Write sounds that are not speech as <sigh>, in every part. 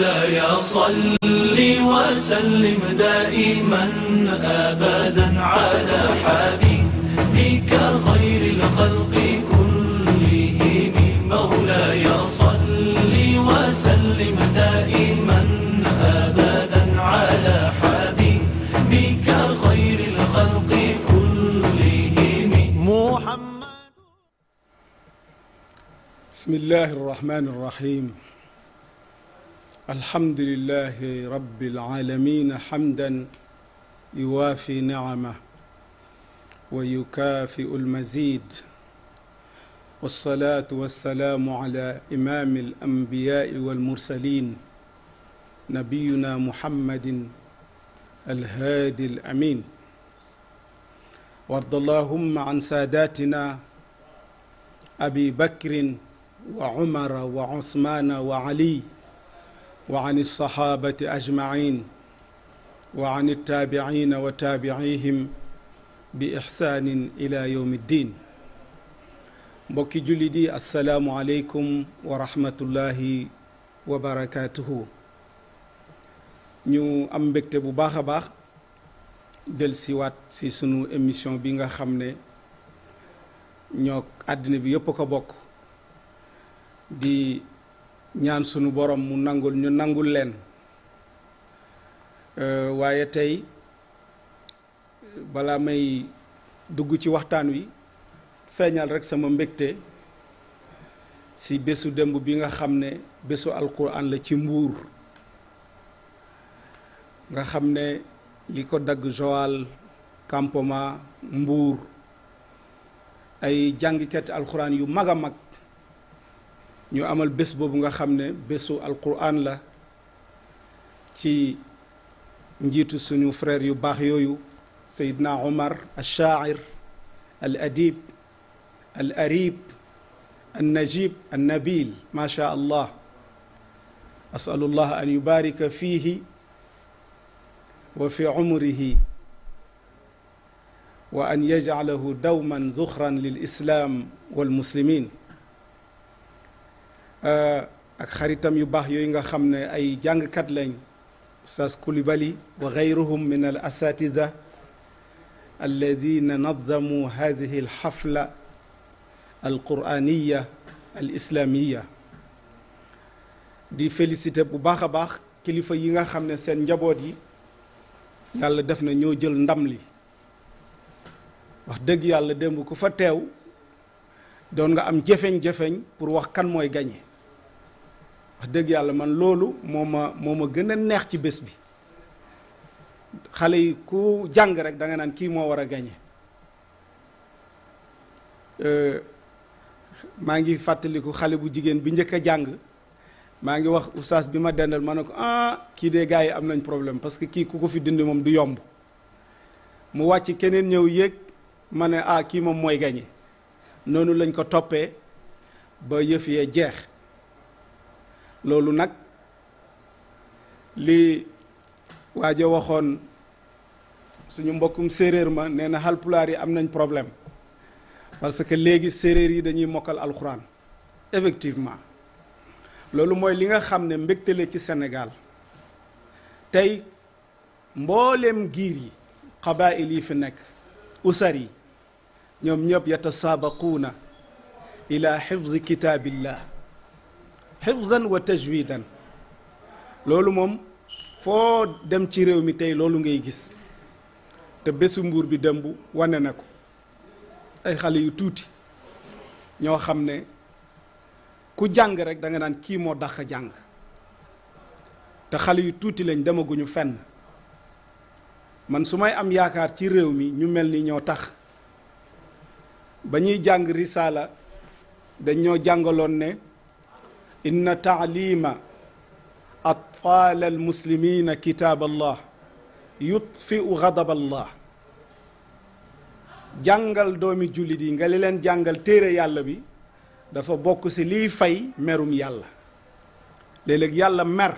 مولاي صل وسلم دائما أبدا على حبيبك خير الخلق كلهم مولاي صل وسلم دائما أبدا على حبيبك خير الخلق كلهم محمد بسم الله الرحمن الرحيم الحمد لله رب العالمين حمدا يوافي نعمه ويكافئ المزيد والصلاه والسلام على امام الانبياء والمرسلين نبينا محمد الهادي الامين وارض اللهم عن ساداتنا ابي بكر وعمر وعثمان وعلي wa an alsaxaabati ajmain wa an altaabicina wa taabicihim bi ixsaanin ila yowm ddin mbokki julli di assalaamu aleykum wa rahmatullahi wa barakaatuhu ñu am mbégte bu baax a baax del siwaat si sunu émission bi nga xam ne ñoo àddina bi yëpp a ko bokk di ñaan sunu borom mu nangul ñu nangul leen euh, waaye tey balaa may dugg ci waxtaan wi feeñal rekk sama mbégte si bésu démb bi nga xam ne bésu alquran la ci mbuur nga xam ne li ko dagg Joal campement mbuur ay jàngikati alxuraan yu mag a mag ñu amal bés boobu nga xam ne bésu alquran la ci njiitu suñu frère yu baax yooyu Seydina Omar al-Shaa'ir al-Adib al-Arib al-Najib al-Nabil ma sha allah asalullah an yubarika fiihi wa fi umrihi wa an yajcalahu dawman zuxran lil islam wal muslimin Euh, ak xaritam yu baax yooyu nga xam ne ay jàngkat lañ Oustaz Coulibaly wa gayruhum min al asatida al xafla al quraniya al di félicité bu baax a baax kilifa yi nga xam ne seen njaboot yi yàlla def na ñoo jël ndam li wax dëgg yàlla démb ku fa teew doon nga am jafeñ-jafeñ pour wax kan mooy gañe wax dëgg yàlla man loolu moo ma moo ma gën a neex ci bés bi xale yi ku jàng rek da nga naan kii moo war a gañe euh, maa ngi fàttaliku xale bu jigéen bi njëkk a jàng maa ngi wax oustaz bi ma dendal ma ne ko ah kii de gars yi am nañ problème parce que kii ku ko fi dindi moom du yomb mu wàcc keneen ñëw yéeg ma ne ah kii moom mooy gañe noonu lañ ko toppee ba yëf yee jeex loolu nag li waaja waxoon suñu mbokkum séeréer ma nee na halpulaar yi am nañ problème parce que léegi séeréer yi dañuy mokkal alxuraan effectivement loolu mooy li nga xam ne mbégte la ci Sénégal tey mbooleem giir yi xabaayil yi fi nekk usar yi ñoom ñëpp yatasaabaquuna ila xifzi kitaabillah xifzan wa tajwidan loolu moom foo dem ci réew mi tey loolu ngay gis te bésu mbuur bi dëmb wane na ko ay xale yu tuuti ñoo xam ne ku jàng rek danga nga naan kii moo dàq jàng te xale yu tuuti lañ demaguñu fenn man su may am yaakaar ci réew mi ñu mel ni ñoo tax ba ñuy jàng risaala dañ ñoo jàngaloon ne inna tacliima atfaal almuslimina kitaab allah yutfiu gadab allah jàngal doomi jullit yi nga li leen jàngal téere yàlla bi dafa bokk ci liy fay merum yàlla léeg yàlla mer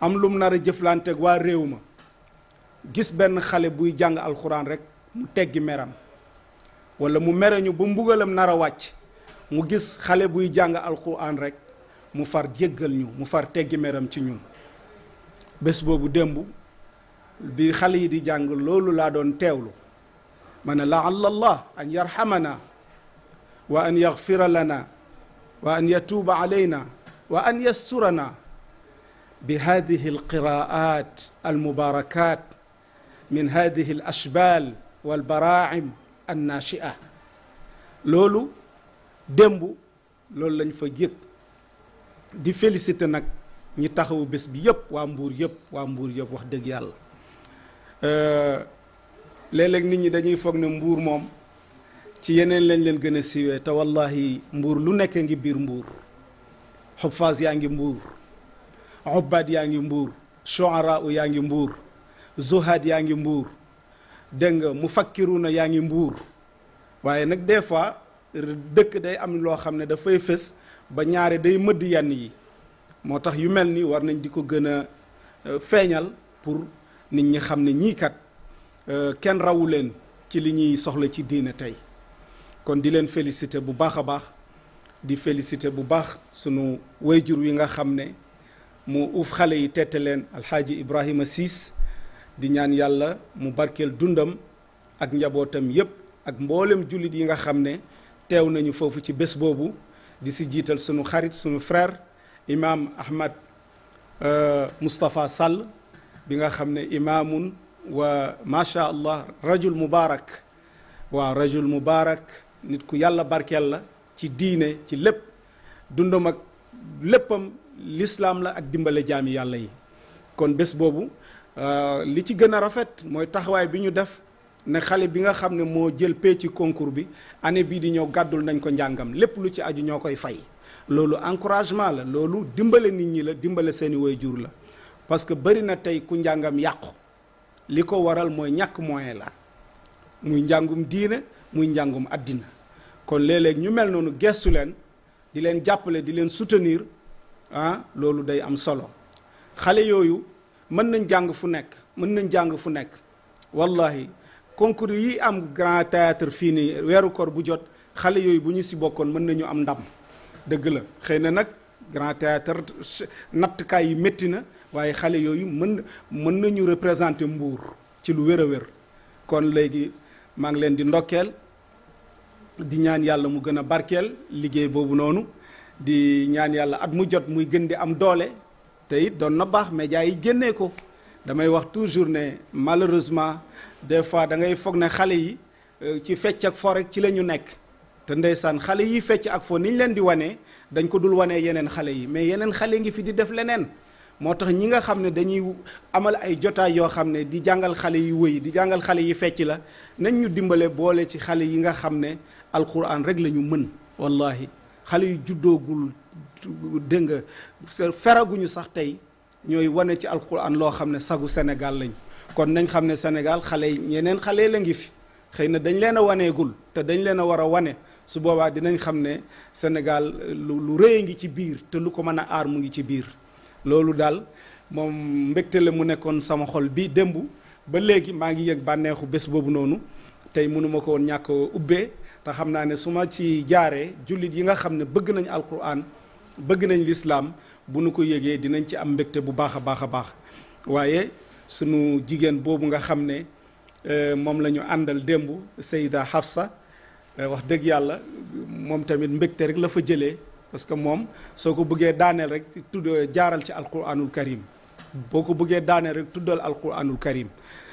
am lum nar a jëflanteeg waa réew ma gis benn xale buy jàng alxuraan rekk mu teggi meram wala mu mere ñu ba mbugalam nar a wàcc mu gis xale buy jàng alquran rek mu far jéggal ñu mu far teggi meram ci ñun bés boobu démb bi xale yi di jàng loolu laa doon teewlu ma ne laalla allah an yarhamana wa an yaxfira lana wa an yatuuba alayna wa an yasturana bi hadihi alqiraat almubarakat min hadihi alashbal walbaraacim annachia loolu démb loolu lañ fa yëg di félicité nag ñi taxawu bés bi yépp waa mbuur yëpp waa mbuur yëpp wax dëgg yàlla euh, léeg-léeg nit ñi dañuy foog ne mbuur moom ci yeneen lañ leen gën a siiwee te wallahi mbuur lu nekk ngi biir mbuur xuffaas yaa ngi mbuur xubbaat yaa ngi mbuur shuara yaa ngi mbuur zuhaat yaa ngi mbuur dégg nga mu fakkiru na yaa ngi mbuur waaye nag des fois dëkk day am loo xam ne dafay fës ba ñaare day mëdd yenn yi moo tax yu mel ni war nañ di ko gën a euh, feeñal pour nit ñi xam ne ñii kat euh, kenn rawu leen ci li ñuy soxla ci diine tey kon di leen félicité bu baax a baax di félicité bu baax sunu jur wi nga xam ne mu uuf xale yi tette leen alxaaji Ibrahima Ciss di ñaan yàlla mu barkeel dundam ak njabootam yépp ak mboolem jullit yi nga xam ne teew nañu foofu ci bés boobu di si jiital sunu xarit sunu frère imaam Ahmad euh, Moustapha Sall bi nga xam ne imaamun wa macha allah rajul mubaarak waaw rajul mubaarak nit ku yàlla barkeel la ci diine ci lépp dundam ak léppam lislaam la ak dimbale jaami yàlla yi kon bés boobu euh, li ci gën a rafet mooy taxawaay bi ñu def ne xale bi nga xam ne moo jël pee ci concours bi année bii di ñëw gàddul nañ ko njàngam lépp lu ci aju ñoo koy fay loolu encouragement la loolu dimbale nit ñi la dimbale seeni way jur la parce que bari na tey ku njàngam yàqu li ko waral mooy ñàkk moyen la muy njàngum diine muy njàngum àddina kon léeg ñu mel noonu gestu leen di leen jàppale di leen soutenir ah loolu day am solo xale yooyu mën nañ jàng fu nekk mën nañ jàng fu nekk wallahi concours yi am grand théâtre fii nii weeru koor bu jot xale yooyu bu ñu si bokkoon mën nañu am ndam dëgg la xëy na nag grand théâtre nattukaay yi métti na waaye xale yooyu mën mën nañu représenter Mbour ci lu wér a wér kon léegi maa ngi leen di ndokkeel di ñaan yàlla mu gën a barkeel liggéey boobu noonu di ñaan yàlla at mu jot muy gën di am doole te it doon na baax média yi génnee ko damay wax toujours ne malheureusement des fois da ngay foog ne xale yi euh, ci fecc ak foo rek ci la ñu nekk te ndeysaan xale yi fecc ak fo ni ñu leen di wane dañ ko dul wane yeneen xale yi mais yeneen xale ngi fi di def leneen moo tax ñi nga xam ne dañuy amal ay jotaay yoo xam ne di jàngal xale yi wëy di jàngal xale yi fecc la nañ ñu dimbale boole ci xale yi nga xam ne alxuraan rek la ñu mën wallahi xale yu juddoogul dégg nga feraguñu sax tey ñooy wane ci alquran loo xam ne sagu Sénégal lañ kon nañ xam ne Sénégal xale yi ñeneen xale la ngi fi xëy na dañ leen a waneegul te dañ leen a war a wane su boobaa dinañ xam ne Sénégal lu lu ngi ci biir te lu ko mën a aar mu ngi ci biir loolu daal moom mbégte la mu nekkoon sama xol bi démb ba léegi maa ngi yëg bànneexu bés boobu noonu tey mënuma ko woon ñàkk ubbee te xam naa ne su ma ci jaaree jullit yi nga xam ne bëgg nañ alquran bëgg nañ lislaam bu nu ko yëgee dinañ ci am mbégte bu baax a baax a baax waaye sunu jigéen boobu nga xam ne euh, moom la ñu àndal démb Seyda Hafsa euh, wax dëgg yàlla moom tamit mbégte rek la fa jëlee parce que moom soo ko bëggee daaneel rek tudd jaaral ci alquranul karim boo ko bëggee daaneel rek tuddal alquranul karim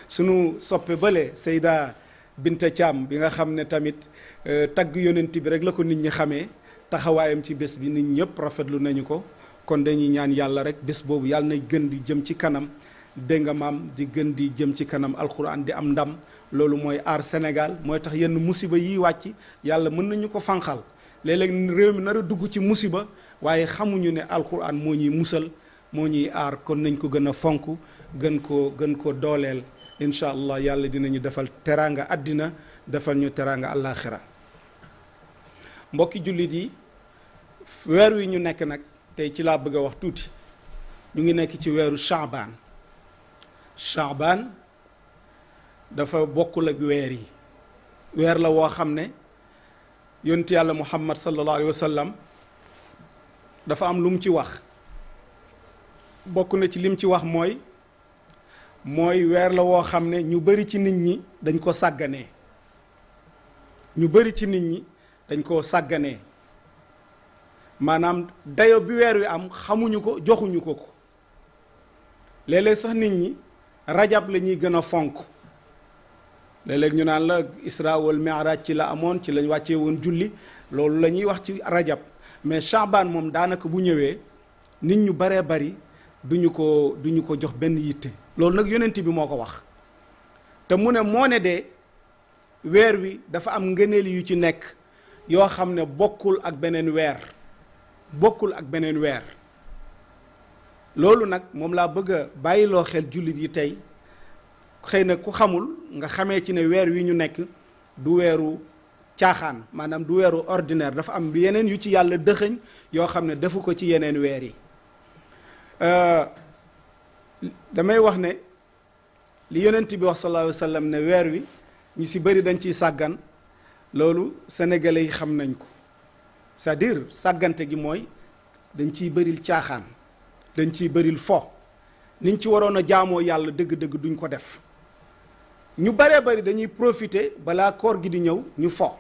sunu soppe bële Seyda Binta Thiam bi nga xam ne tamit euh, tagg yonent bi rek la ko nit ñi xamee taxawaayam ci bés bi nit ñëpp rafetlu nañu ko kon dañuy ñaan yàlla rek bés boobu yàlla nay gën di jëm ci kanam dégg nga maam di gën di jëm ci kanam alxuraan di am ndam loolu mooy aar Sénégal mooy tax yenn musiba yi wàcc yàlla mën nañu ko fànqal léeg-léeg réew mi nar a dugg ci musiba waaye xamuñu ne alxuraan moo ñuy musal moo ñuy aar kon nañ ko gën a fonk gën koo gën ko dooleel incha allah yàlla dinañu defal teraanga àddina defal ñu teraanga àllaaxira mbokki jullit yi weer wi ñu nekk nag. tey ci laa bëgg a wax tuuti ñu ngi nekk ci weeru Shaaban Shaaban dafa bokkul ak weer yi weer la woo xam ne yonent yàlla Muhammad sallallahu alayhi dafa am lu mu ci wax bokk na ci lim ci wax mooy mooy weer la woo xam ne ñu bari ci nit ñi dañ koo sàgganee ñu bari ci nit ñi dañ koo sàgganee maanaam dayo bi weer wi am xamuñu ko joxuñu ko ko léeg sax nit ñi rajab la ñuy gën a fonk léeg-léeg ñu naan la isra wal mi'raj ci la amoon ci lañ wàccee woon julli loolu la ñuy wax ci rajab mais chaban moom daanaka bu ñëwee nit ñu baree bari duñu ko duñu ko jox benn yitte loolu nag yonent bi moo ko wax te mu ne moo ne de weer wi dafa am ngëneel yu ci nekk yoo xam ne bokkul ak beneen weer bokkul ak beneen weer loolu nag moom laa bëgg a bàyyiloo xel jullit yi tey xëy na ku xamul nga xamee ci ne weer wi ñu nekk du weeru caaxaan maanaam du weeru ordinaire dafa am yeneen yu ci yàlla dëxëñ yoo xam ne defu ko ci yeneen weer yi euh, damay wax ne li yeneen bi wax sallallahu alayhi wa ne weer wi ñu si bëri dañ ciy sàggan loolu sénégalais yi xam nañ ko cest à sàggante gi mooy dañ ciy bëril caaxaan dañ ciy bëril fo niñ ci waroon a jaamoo yàlla dëgg-dëgg duñ ko def ñu baree bari dañuy profiter balaa koor gi di ñëw ñu fo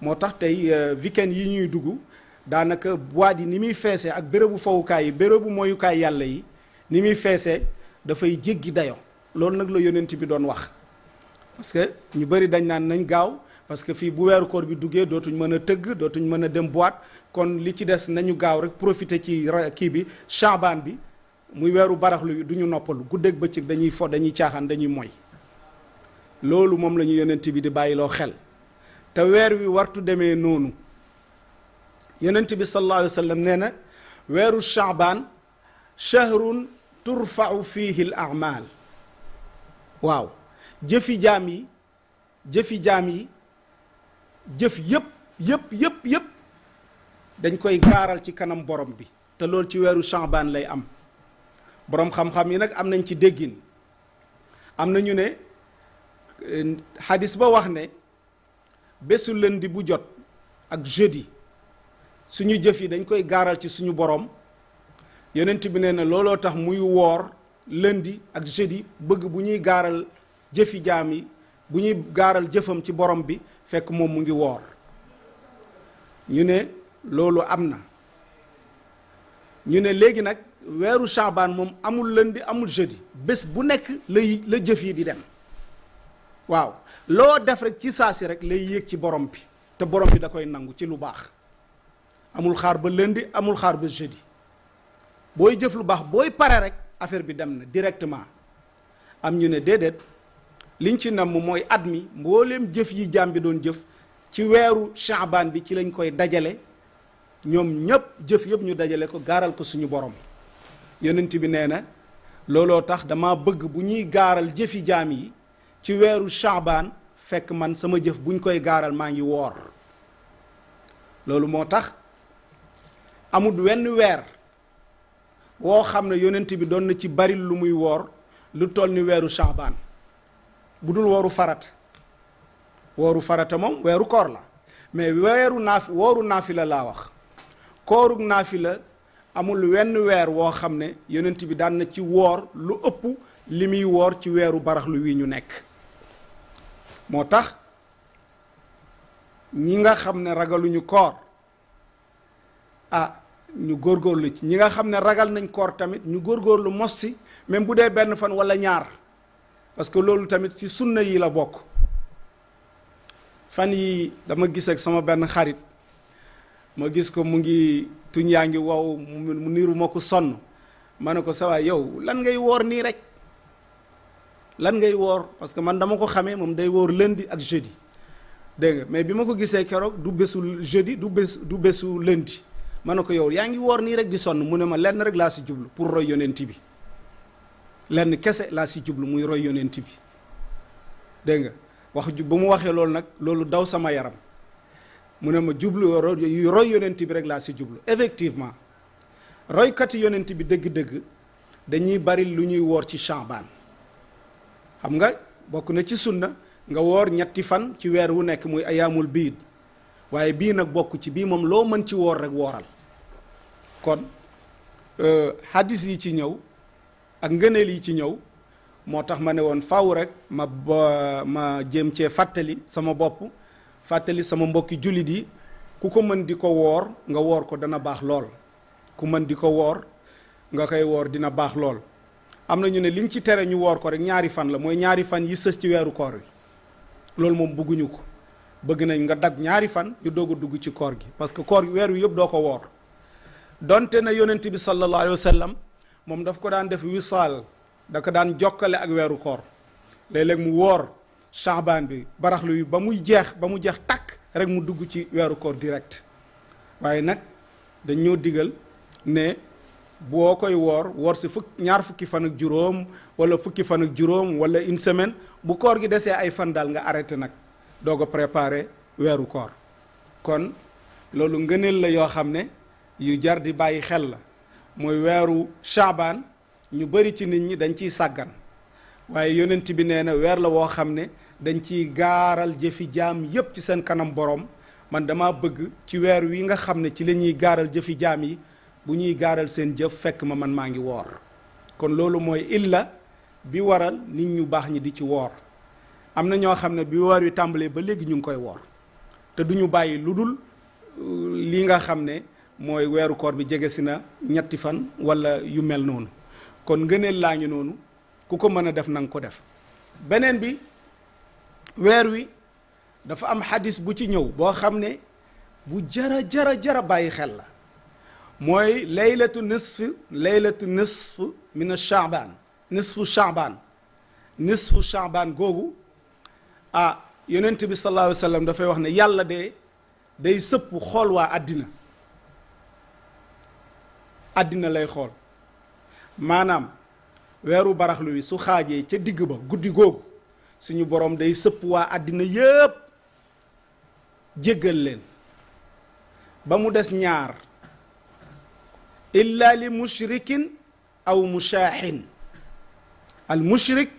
moo tax tey euh, weekend yi ñuy dugg daanaka boîte yi ni muy feesee ak bérébu fowukaay yi bérébu mooyukaay yàlla yi ni muy feesee dafay jéggi dayo loolu nag la yonent bi doon wax parce que ñu bëri dañ naan nañ gaaw parce que fii bu weeru koor bi duggee dootuñ mën a tëgg dootuñ mën a dem boîte kon li ci des nañu gaaw rek profiter ci kii bi Shaabaan bi muy weeru baraxlu du ñu noppalu guddeeg bëccëg dañuy fo dañuy caaxaan dañuy moy loolu moom la ñu bi di bàyyiloo xel te weer wi wartu demee noonu yonent bi sallallahu alayhi nee na weeru Shaabaan shahrun turfau fihi al a'mal waaw jëfi jaam yi jëfi jaam yi jëf yëpp yëpp yëpp yëpp dañ koy gaaral ci kanam borom bi te loolu ci weeru Sha'ban lay am borom xam-xam yi nag am nañ ci déggin am na ñu ne hadis ba wax ne bésu lundi bu jot ak jeudi suñu jëf yi dañ koy gaaral ci suñu borom yonent bi nee na looloo tax muy woor lëndi ak jeudi bëgg bu ñuy gaaral jëfi jaam yi bu ñuy gaaral jëfam ci borom bi fekk moom mu ngi woor ñu ne loolu am na ñu ne léegi nag weeru saabaan moom amul lundi amul jeudi bés bu nekk la la jëf yi di dem waaw loo def rek ci saa si rek lay yéeg ci borom bi te borom bi da koy nangu ci lu baax amul xaar ba lundi amul xaar ba jeudi booy jëf lu baax booy pare rek affaire bi dem na directement am ñu ne déedéet liñ ci namm mooy at mi mbooleem jëf yi jaam bi doon jëf ci weeru shaabaan bi ci lañ koy dajale ñoom ñëpp jëf yëpp ñu dajale ko gaaral ko suñu borom yonent bi nee na looloo tax dama bëgg bu ñuy gaaral jëfi jaam yi ci weeru shaabaan fekk man sama jëf buñ koy gaaral maa ngi woor loolu moo tax amut wenn weer woo xam ne yonent bi doon na ci bari lu muy woor lu toll ni weeru shaabaan bu dul wooru farata wooru farata moom weeru koor la mais weeru naafi wooru la laa wax naafi la amul wenn weer woo xam ne yenent bi daan na ci woor lu ëpp li muy woor ci weeru baraxlu wi ñu nekk moo tax ñi nga xam ne ragaluñu koor ah ñu góor góorlu ci ñi nga xam ne ragal nañ koor tamit ñu góorgóorlu mos si même bu dee benn fan walla ñaar parce que loolu tamit ci sunna yi la bokk fan yi dama gis ak sama benn xarit ma gis ko mu ngi tuñ yaa ngi wow mu niru ko sonn ma ne ko sawaay yow lan ngay woor nii rek lan ngay woor parce que man dama ko xamee moom day woor lundi ak jeudi dégg mais bi ma ko gisee keroog du bésu jeudi du bés du bésu lundi ma ne ko yow yaa ngi woor nii rek di sonn mu ne ma lenn rek laa si jublu pour roy yonent bi lenn kese laa si jublu muy roy yonent bi dégg nga wax ju ba mu waxee loolu nag loolu daw sama yaram mu ne ma jublu roy yonent bi rek laa si jublu effectivement roykati yonent bi dëgg-dëgg dañuy bari lu ñuy woor ci Shaabaan xam nga bokk na ci sunna nga woor ñetti fan ci weer wu nekk muy ayaamul biid waaye bii nag bokk ci bii moom loo mën ci woor rek wooral kon euh, hadis yi ci ñëw ak ngëneel yi ci ñëw moo tax ma ne woon faw rek ma ma jéem cee fàttali sama bopp fàttali sama mbokki jullit yi ku ko mën di ko woor nga woor ko dana baax lool ku mën di ko woor nga koy woor dina baax lool am na ñu ne liñ ci tere ñu woor ko rek ñaari fan la mooy ñaari fan yi sës ci weeru koor wi loolu moom bëgguñu ko bëgg nañ nga dagg ñaari fan ñu doog a dugg ci koor gi parce que koor gi weer wi yëpp doo ko woor donte na yonent bi sallallahu alayhi moom daf ko daan def wisaal da ko daan jokkale ak weeru koor léeg-léeg mu woor Shaabaan bi baraxlu yi ba muy jeex ba mu jeex takk rek mu dugg ci weeru koor direct waaye nag dañ ñoo digal ne boo koy woor woor si fukk ñaar fukki fan ak juróom wala fukki fan ak juróom wala une semaine bu koor gi desee ay fan daal nga arrêté nag doo ko préparé weeru koor kon loolu ngëneel la yoo xam ne yu jar di bàyyi xel la mooy weeru chaabaan ñu bari ci nit ñi dañ ciy sàggan waaye yonent bi nee na weer la woo xam ne dañ ciy gaaral jëfi jaam yépp ci seen kanam borom man dama bëgg ci weer wi nga xam ne ci la ñuy gaaral jëfi jaam yi bu ñuy gaaral seen jëf fekk ma man maa ngi woor kon loolu mooy illa bi waral nit ñu baax ñi di ci woor am na ñoo xam ne bi weer wi tàmbalee ba léegi ñu ngi koy woor te duñu bàyyi lu dul euh, li nga xam ne mooy weeru koor bi jege si na ñetti fan wala yu mel noonu kon ngëneel laa noonu ku ko mën a def na ko def beneen bi weer wi dafa am xadis bu ci ñëw boo xam ne bu jara jara jara bàyyi xel la mooy laylatu nisf laylatu nisf min chaabaan nisfu chaabaan nisfu chaabaan googu ah yonent bi sallallahu dafay wax ne yàlla de day sëpp xool waa àddina àddina lay xool maanaam weeru baraxlu wi su xaajee ca digg ba guddi googu suñu borom day sëpp waa àddina yépp jéggal leen ba mu des ñaar illa li mushrikin aw mushaaxin al mushrik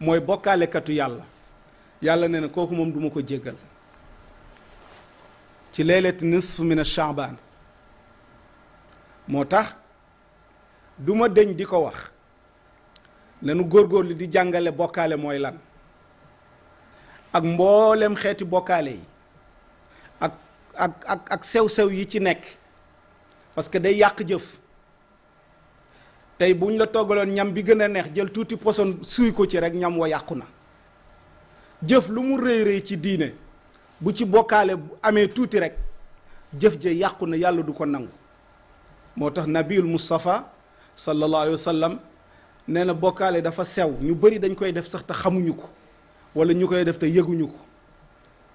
mooy bokkaalekatu yàlla yàlla ne na kooku moom duma ko jéggal ci leylati nisf min ash-sha'ban moo tax duma ma dëñ di ko wax góor góorgóorlu di jàngale bokkaale mooy lan ak mboolem xeeti bokkaale yi ak ak ak sew-sew yi ci nekk parce que day yàq jëf tey bu ñu la toggaloon ñam bi gën a neex jël tuuti poson suuy ko ci rek ñam wa yàqu na jëf lu mu rëy rëy ci diine bu ci bokkaale amee tuuti rek jëf ja yàqu na yàlla du ko nangu moo tax nabiul Moustapha sallallahu alayhi wa sallam nee na bokkaale dafa sew ñu bëri dañ koy def sax te xamuñu ko wala ñu koy def te yëguñu ko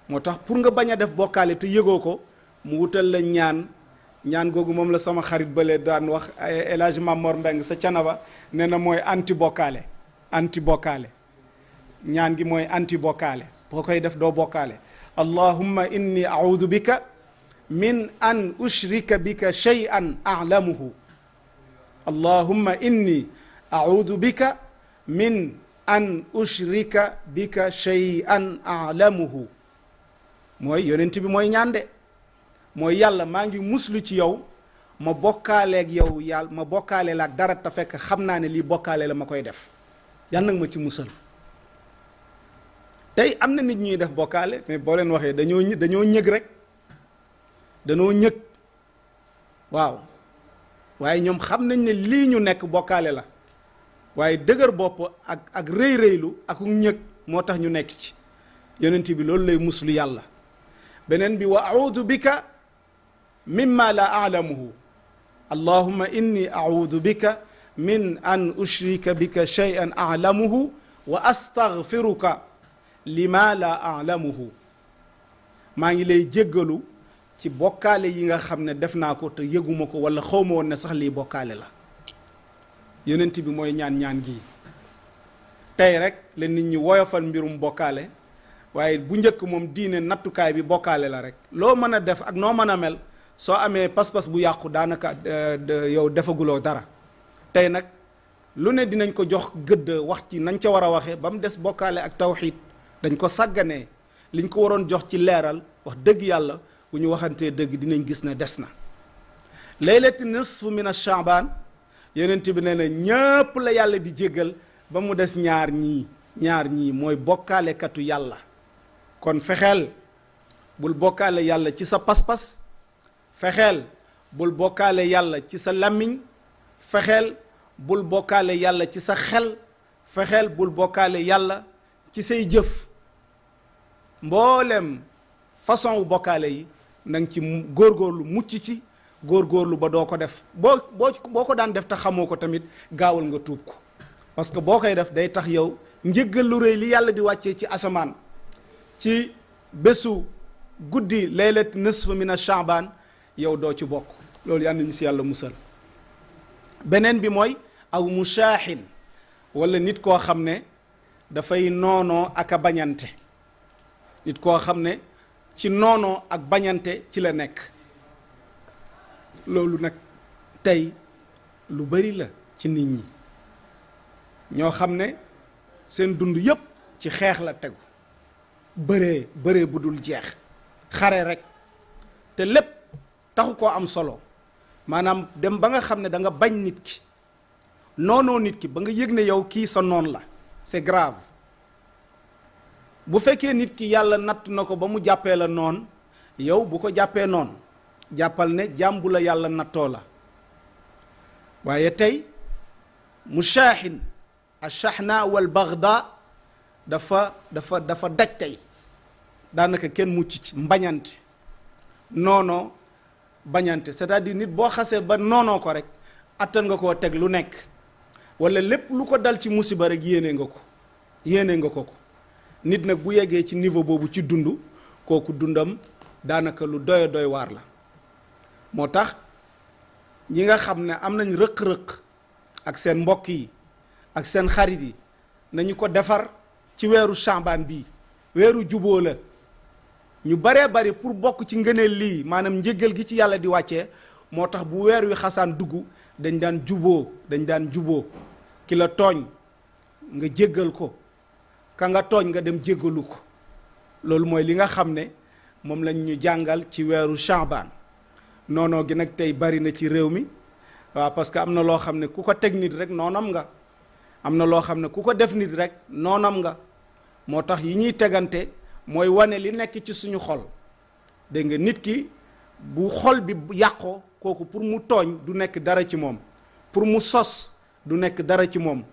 moo tax pour nga bañ a def bokkaale te yëgoo ko mu wutal la ñaan ñaan googu moom la sama xarit bële daan wax El Hadj Mamor Mbeng sa canaba nee na mooy anti bokkaale anti bokkaale ñaan gi mooy anti bokkaale boo koy def doo bokkaale allahumma inni audu min an ushrika bika shay'an a'lamuhu allahumma inni a'udhu bika min an ushrika bika shay'an a'lamuhu mooy yonent bi mooy ñaan de mooy yàlla maa ngi muslu ci yow ma bokkaaleek yow yàlla ma bokkaale la ak dara te fekk xam naa ne lii bokkaale la ma koy def yal nag ma ci musal tey am na nit ñuy def bokkaale mais boo leen waxee dañoo dañoo ñëg rek danoo ñëg waaw waaye ñoom xam nañ ne lii ñu nekk bokkaale la waaye dëgër bopp ak ak rëy rëylu ak ñëg moo tax ñu nekk ci yonent bi loolu lay muslu yàlla beneen bi wa audu bika mimma la aalamuhu allahumma inni audu bika min an ushrika bika shay'an aalamuhu wa astaghfiruka lima la aalamuhu maa ngi lay jéggalu ci bokkaale yi nga xam ne def naa ko te yëguma ko wala xawma woon ne sax lii bokkaale la yonent bi mooy ñaan ñaan gi tey rek la nit ñi woyofal mbirum bokkaale waaye bu njëkk moom diine nattukaay bi bokkaale la rek loo mën a def ak noo mën a mel soo amee pas-pas bu yàqu daanaka euh, yow defaguloo dara tey nag lu ne dinañ ko jox gëdd wax ci nañ ca war a waxee ba mu des bokkaale ak tawxiid dañ ko sàgganee liñ ko waroon jox ci leeral wax dëgg yàlla bu ñu waxante dëgg dinañ gis ne des na laylati nisfu min ash-sha'ban yonent bi nee na ñëpp la yàlla di jéggal ba mu des ñaar ñii ñaar ñii mooy bokkaalekatu yàlla kon fexeel bul bokkaale yàlla ci sa pas fexeel bul bokkaale yàlla ci sa làmmiñ fexeel bul bokkaale yàlla ci sa xel fexeel bul bokkaale yàlla ci say jëf mboolem façon wu bokkaale yi na nga ci góorgóorlu mucc ci góor góorlu ba doo ko def boo boo ko daan def te xamoo ko tamit gaawal nga tuub ko parce que boo koy def day tax yow njëggal lu rëy li yàlla di wàccee ci asamaan ci bésu guddi laylat nisf min shaaban yow doo ci bokk loolu yal si yàlla musal beneen bi mooy aw mushaahin nit koo xam ne dafay noonoo ak bañante nit koo xam ne ci noonoo ak bañante ci la nekk loolu nag tey lu bari la ci nit ñi ñoo xam ne seen dund yépp ci xeex la tegu bëree bëree bu dul jeex xare rek te lépp taxu koo am solo maanaam dem ba nga xam ne danga bañ nit ki noonoo nit ki ba nga yëg ne yow kii sa noon la c'est grave bu fekkee nit ki yàlla natt na ko ba mu jàppee la noon yow bu ko jàppee noon jàppal ne jaam bu la yàlla nattoo la waaye tey mushaahin ashahna wal baghda dafa dafa dafa daj tey daanaka kenn mucc ci mbañante noonoo bañante cest boo xasee ba noonoo ko rek attan nga koo teg lu nekk wala lépp lu ko dal ci musiba rek yéene nga ko yéene nga ko ko nit nag bu yeggee ci niveau boobu ci dund kooku dundam daanaka lu doy doy waar la moo tax ñi nga xam ne am nañ rëq-rëq ak seen mbokk yi ak seen xarit yi nañu ko defar ci weeru Sha'bâne bi weeru juboo la ñu baree bari pour bokk ci ngëneel lii maanaam njëgal gi ci yàlla di wàcce moo tax bu weer wi xasaan dugg dañ daan juboo dañ daan juboo ki la tooñ nga jéggal ko ka nga tooñ nga dem jéggalu ko loolu mooy li nga xam ne moom lañ ñu jàngal ci weeru Shaaban noonoo gi nag tey bari na ci réew mi waa parce que am na loo xam ne ku ko teg nit rek noonam nga am na loo xam ne ku ko def nit rek noonam nga moo tax yi ñuy tegante mooy wane li nekk ci suñu xol dégg nga nit ki bu xol bi yàqoo kooku pour mu tooñ du nekk dara ci moom pour mu sos du nekk dara ci moom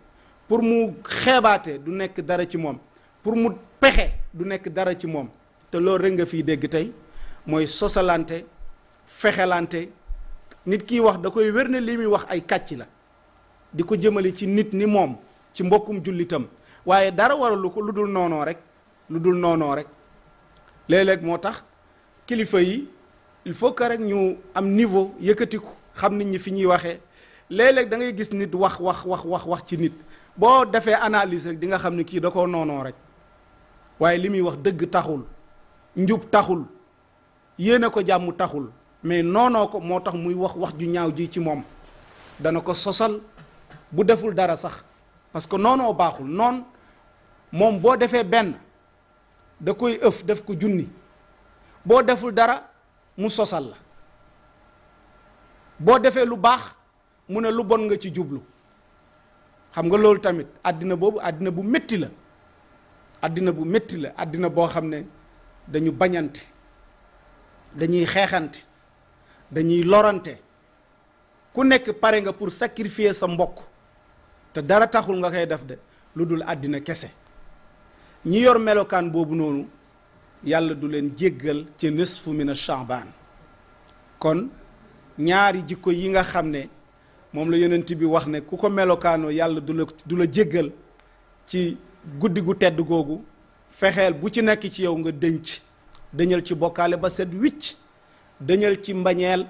pour mu xeebaate du nekk dara ci moom pour mu pexe du nekk dara ci moom te loolu rek nga fiy dégg tey mooy sosalante fexelante nit kiy wax da koy wér ne li muy wax ay kàcc la di ko jëmale ci nit ni moom ci mbokkum jullitam waaye dara waralu ko lu dul noonoo rek lu dul noonoo rek léeg moo tax kilifa yi il faut que rek ñu am niveau yëkkatiku xam nit ñi fi ñuy waxee léeg-léeg da ngay gis nit wax wax wax wax wax ci nit boo defee analyse rek di nga xam ne kii da koo noonoo rek waaye li muy wax dëgg taxul njub taxul yéene ko jàmm taxul mais noonoo ko moo tax muy wax wax ju ñaaw ji ci moom dana ko sosal bu deful dara sax parce que noonoo baaxul noon moom boo defee benn da koy ëf def ko junni boo deful dara mu sosal la boo defee lu baax mu ne lu bon nga ci jublu xam nga loolu tamit àddina boobu àddina bu métti la àddina bu métti la àddina boo xam ne dañu bañante dañuy xeexante dañuy lorante ku nekk pare nga pour sacrifier sa mbokk te dara taxul nga koy def de lu dul àddina kese ñi yor melokaan boobu noonu yàlla du leen jéggal ci nisfu mina shaaban kon ñaari jikko yi nga xam ne moom la yonent bi wax ne ku ko melokaano yàlla du la du la jéggal ci guddi gu tedd googu fexeel bu ci nekk ci yow nga dënc dëñal ci bokkaale ba set wicc dëñal ci mbañeel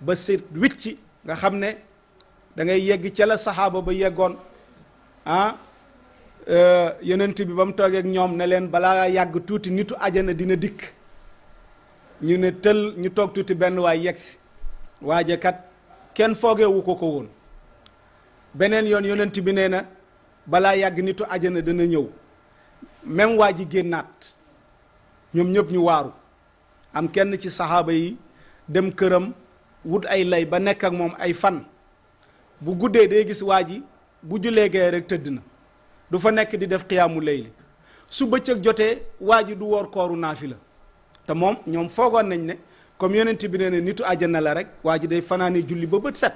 ba set wicc nga xam ne dangay ngay yegg ca la saxaaba ba yeggoon ah euh, yonent bi ba mu toogee ñoom ne leen balaa yàgg tuuti nitu ajana dina dikk ñu ne tël ñu toog tuuti benn waay yegg si kenn foogewu ko ko woon beneen yoon yonent bi nee na balaa yàgg nitu àjjana dina ñëw même waa ji génnaat ñoom ñëpp ñu waaru am kenn ci saxaaba yi dem këram wut ay lay ba nekk ak moom ay fan bu guddee day gis waa ji bu julee gee rek tëdd na du fa nekk di def xiyaamu layli su bëccëg jotee waa ji du woor kooru naafi la te moom ñoom foogoon nañ ne comme yonent bi nee nitu àjjana la rek waa ji day fanaane julli ba bët set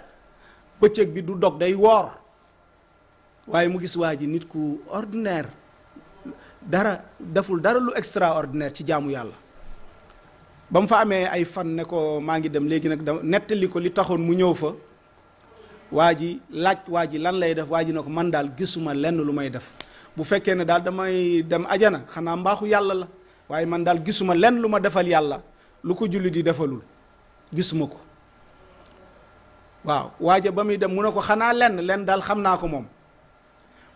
bëccëg bi du dog day woor waaye mu gis waa ji nit ku ordinaire dara deful dara lu extra extraordinaire ci jaamu yàlla ba mu fa amee ay fan ne ko maa ngi dem léegi nag da nettali ko li taxoon mu ñëw fa waa ji laaj waa ji lan lay def waa ji ne ko man daal gisuma lenn lu may def bu fekkee ne daal damay dem ajana xanaa mbaaxu yàlla la waaye man daal gisuma lenn lu ma defal yàlla lu ko julli di defalul gisuma ko waaw waaja ba muy dem mu ne ko xanaa lenn lenn daal xam naa ko moom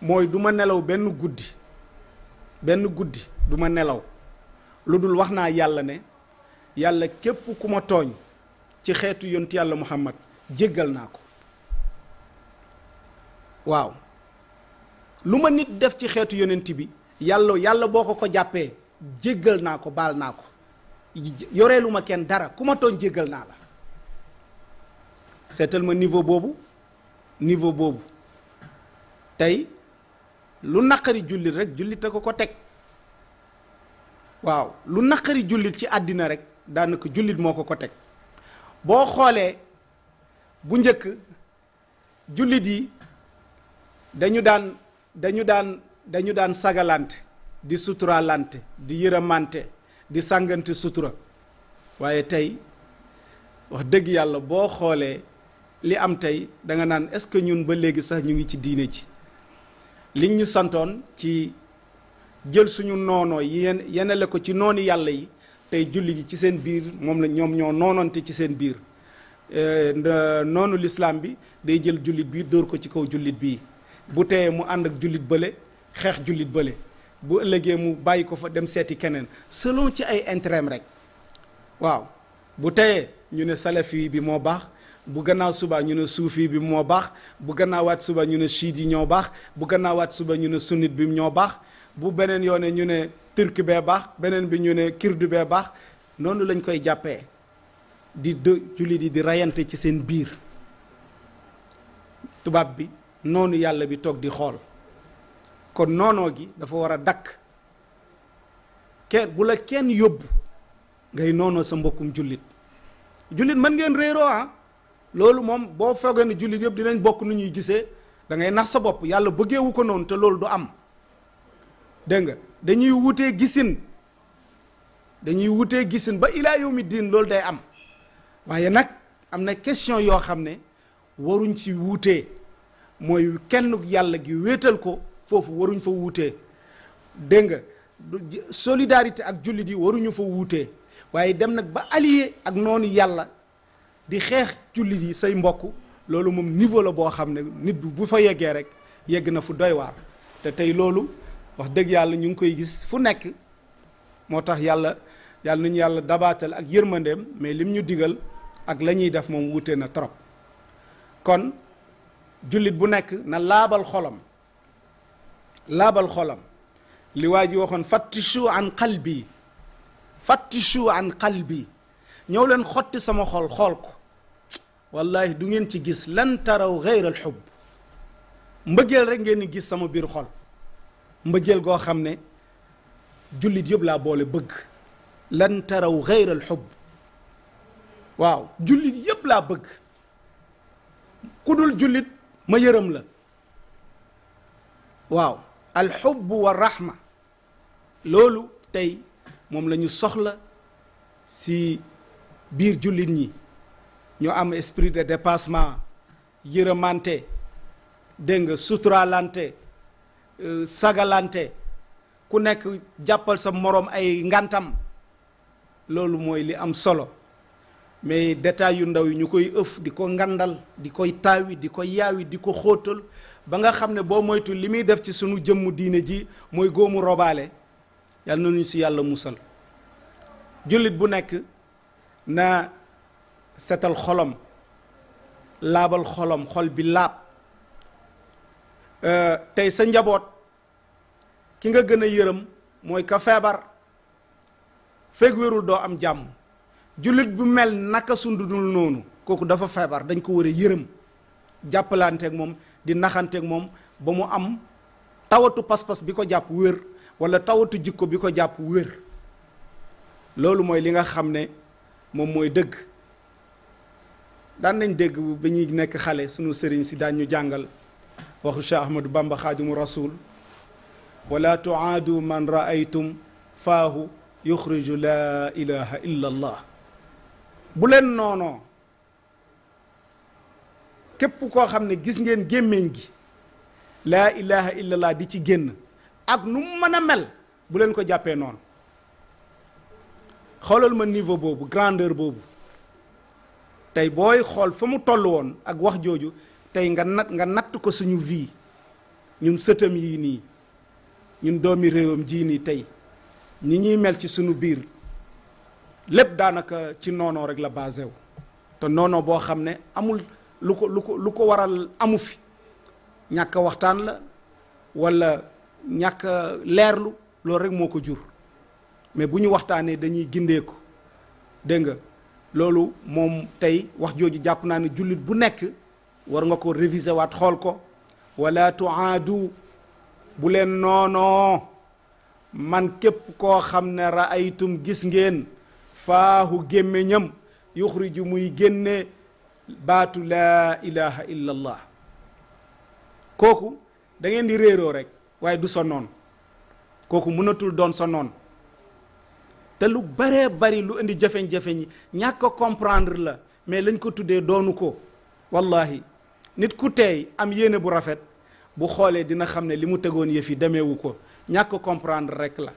mooy du ma nelaw benn guddi benn guddi duma nelaw lu dul wax naa yàlla ne yàlla képp ku ma tooñ ci xeetu yontu yàlla muhammad jéggal naa ko waaw lu ma nit def ci xeetu yonent bi yàlla yàlla boo ko ko jàppee jéggal naa ko baal naa ko yoreeluma kenn dara ku ma tooñ jéggal naa la seetal ma niveau boobu niveau boobu tey lu naqari jullit rek jullit a ko ko teg waaw lu naqari jullit ci àddina rek daanaka jullit moo ko ko teg boo xoolee bu njëkk jullit yi dañu daan dañu daan dañu daan sagalante di suturaalante di yërëmante di sàngante sutura waaye tey wax dëgg yàlla boo xoolee li am tey danga naan est-ce que ñun ba léegi sax ñu ngi ci diine ji li ñu santoon ci jël suñu noonoo yeen yenele ko ci noonu yàlla yi tey jullit ji ci seen biir moom la ñoom ñoo noonante ci seen biir euh, noonu lislaam bi day jël jullit bi dóor ko ci kaw jullit bi bu teyee mu ànd ak jullit bële xeex jullit bële bu ëllëgee mu bàyyi ko fa dem seeti keneen selon ci ay intérêt rek waaw bu teyee ñu ne salafi bi moo baax bu gannaaw suba ñu ne suufi bi moo baax bu gannaawaat suba ñu ne siit yi ñoo baax bu gannaawaat suba ñu ne sunnit bi ñoo baax bu beneen yoone ñu ne turc bee baax beneen bi ñu ne kirdu bee baax noonu lañ koy jàppee di dë jullit yi di rayante ci seen biir tubaab bi noonu yàlla bi toog di xool kon noonoo gi dafa war a dakk kenn bu la kenn yóbbu ngay noonoo sa mbokkum jullit jullit mën ngeen réeroo ah loolu moom boo foogee ne jullit yëpp dinañ bokk nu ñuy gisee da ngay nax sa bopp yàlla bëggeewu ko noonu te loolu du am dégg nga dañuy wutee gisin dañuy wutee gisin ba ilaa yawmi diin loolu day am waaye nag am na question yoo xam ne waruñ ci wuutee mooy kenn yàlla gi wéetal ko foofu waruñ fa wuutee dégg nga solidarité ak jullit yi waruñu fa wuutee waaye dem nag ba allié ak noonu yàlla di xeex jullit yi say mbokk loolu moom niveau la boo xam ne nit bi bu fa yeggee rek yegg na fu doy waar te tey loolu wax dëgg yàlla ñu ngi koy gis fu nekk moo tax yàlla yàlla nañu yàlla dabaatal ak yërmandeem mais lim ñu diggal ak la ñuy def moom wuute na trop kon jullit bu nekk na laabal xolom laabal xolam liwaay ji waxoon fattishu an qalbi fattishu an qalbi ñëw leen xotti sama xol xool ko wallahi du ngeen ci gis lan taraw gayral xubb mbëggeel rek ngeen di gis sama biir xol mbëggeel goo xam ne jullit yépp laa boole bëgg lan taraw gayral xubb waaw jullit yépp laa bëgg ku dul jullit ma yërëm la waaw alxubb wa rahma loolu tey moom la ñu soxla si biir jullit ñi ñoo am esprit de dépassement yërëmante dégg nga suturaalante euh, sagalante ku nekk jàppal sa moroom ay ngantam loolu mooy li am solo mais détails yu ndaw yi ñu koy ëf di ko ngandal di koy taawi di ko yaawi di ko xóotal ba nga xam ne boo moytu li muy def ci sunu jëmm diine ji mooy góomu robaale yàlla na ñu si yàlla musal jullit bu nekk na setal xolom laabal xolom xol bi laab euh, tey sa njaboot ki nga gën a yërëm mooy ka feebar feeg wérul doo am jàmm jullit bu mel naka sundudul noonu kooku dafa feebar dañ ko war a yërëm ak moom di naxanteek moom ba mu am tawatu pas-pas bi ko jàpp wér wala tawatu jikko bi ko jàpp wér loolu mooy li nga xam ne moom mooy dëgg daan nañ dégg ba ñuy nekk xale sunu sëriñ si daan ñu jàngal waxu Cheikh Ahmadou Bamba xaadimu rasul wala tuaadu man raaytum faahu yuxriju laa ilaha illa allah bu leen noonoo képp koo xam ne gis ngeen gémmiñ gi laa ilaha illallah di ci génn ak nu mu mën a mel bu leen ko jàppee noonu xoolal ma niveau boobu grandeur boobu tey booy xool fa mu toll woon ak wax jooju tey nga nat nga natt ko suñu vie ñun sëtam yi nii ñun doomi réewam jii nii tey ñi ñuy mel ci suñu biir lépp daanaka ci noono rek la basé wu te noonoo boo xam ne amul lu ko lu ko lu ko waral amu fi ñàkk waxtaan la wala ñàkk leerlu loolu rek moo ko jur mais bu ñu waxtaanee dañuy gindeeku dégg nga loolu moom tey wax jooju jàpp naa ne jullit bu nekk war nga ko réviser waat xool ko wala tuaadu bu leen noonoo man képp koo xam ne raaytum gis ngeen faahu gémmiñam yuxriju muy génne baatu laa ilaha illa kooku da ngeen di réeroo rek waaye du sa noon kooku mënatul doon sa noon te lu baree bari lu indi jafeñ-jafeñ yi ñàkk comprendre la mais lañ ko tuddee doonu ko wallahi nit ku teey am yéene bu rafet bu xoolee dina xam ne li mu tegoon yëf yi demewu ko ñàkk comprendre rek la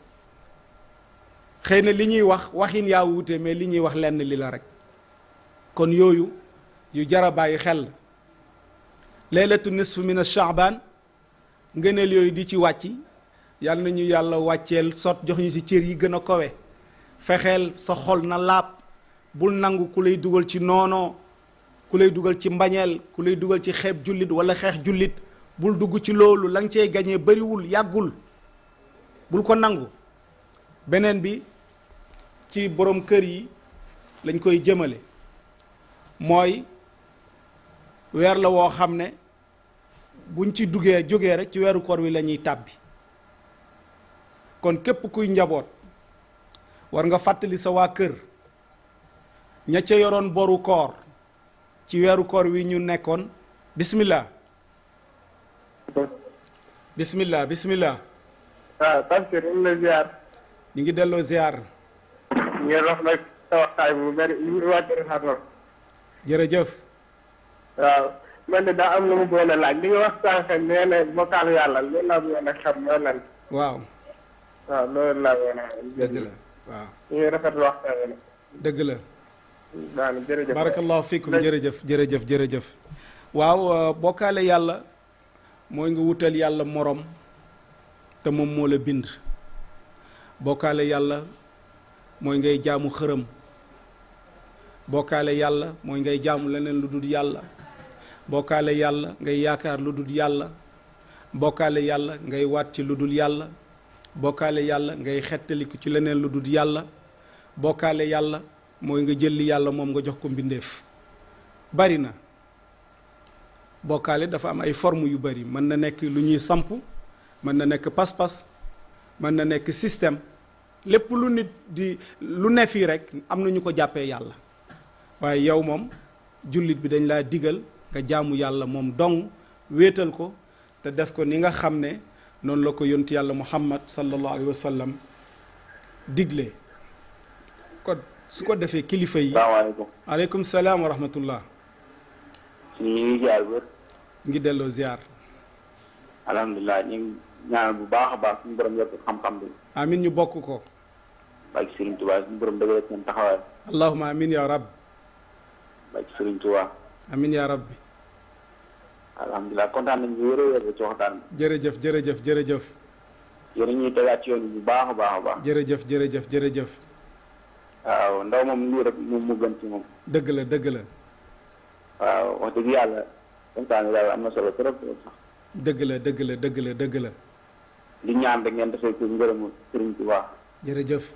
xëy na li ñuy wax waxin yaa wuute mais li ñuy wax lenn li la rek kon yooyu yu jara bàyyi xel laylatu nisf min a shaaban ngëneel yooyu di ci wàcc yàlla nañu yàlla wàcceel sot jox ñu ci cër yi gën a kowe fexeel sa xol na laab bul nangu ku lay dugal ci noonoo ku lay dugal ci mbañeel ku lay dugal ci xeeb jullit wala xeex jullit bul dugg ci loolu la cee gañee bariwul yàggul bul ko nangu beneen bi ci boroom kër yi lañ koy jëmale mooy weer la woo xam ne buñ ci duggee jógee rek ci weeru koor wi lañuy tàbbi kon képp kuy njaboot war nga fàttali sa waa kër ña yoroon boru koor ci weeru koor wi ñu nekkoon bismillah bismillah bismillah waaw ah, ñu ngi la ziar waaw man de daa am lu mu boole laaj li nga wax sànq nee na bokkaal yàlla loolu laa bëggoon a xam mooy lan. waaw. la waaw. ñu la. waaw jërëjëf barakallahu jërëjëf jërëjëf jërëjëf. waaw euh, bokkaale yàlla mooy nga wutal yàlla morom te moom moo la bind. bokkaale yàlla mooy ngay jaamu xërëm bokkaale yàlla mooy ngay jaamu leneen lu dul yàlla. bokkaale yàlla ngay yaakaar lu dul yàlla bokkaale yàlla ngay waat ci lu dul yàlla bokkaale yàlla ngay xettaliku ci leneen lu dul yàlla bokkaale yàlla mooy nga jël li yàlla moom nga jox ko mbindéef bari na bokkaale dafa am ay forme yu bari mën na nekk lu ñuy samp mën na nekk pas-pas mën na nekk système lépp lu nit di lu ne fii rek am na ñu ko jàppee yàlla waaye yow moom jullit bi dañ laa digal nga jaamu yàlla moom dong wéetal ko te def ko ni nga xam ne noonu la ko yontu yàlla muhammad sallallahu alayhi wa sallam digle kon su ko defee kilifa yi. salaamaaleykum aleykum salaam wa rahmatullah. ñu ngi ziar ngi delloo ziar. alhamdulilah ñu ñaan bu baax a baax suñu borom yokk xam-xam bi. amin ñu bokk ko. bàyyi Serigne Touba suñu borom dëgg la taxawaay. allahumma amin ya rab. amin yaa rabbi. alhamdulilah kontaan nañu wér-wér ci waxtaan bi. jërëjëf jërëjëf jërëjëf. yéen ñuy tegaat ci yoon bu baax a baax a baax. jërëjëf jërëjëf jërëjëf. waaw ndaw moom lii rek moom mu gën ci moom. dëgg la dëgg la. waaw wax dëgg yàlla kontaan na yàlla am na solo trop sax. dëgg la dëgg la dëgg la dëgg la. di ñaan rek ngeen defee ci ngërëmu Sëriñ Tuubaa. jërëjëf.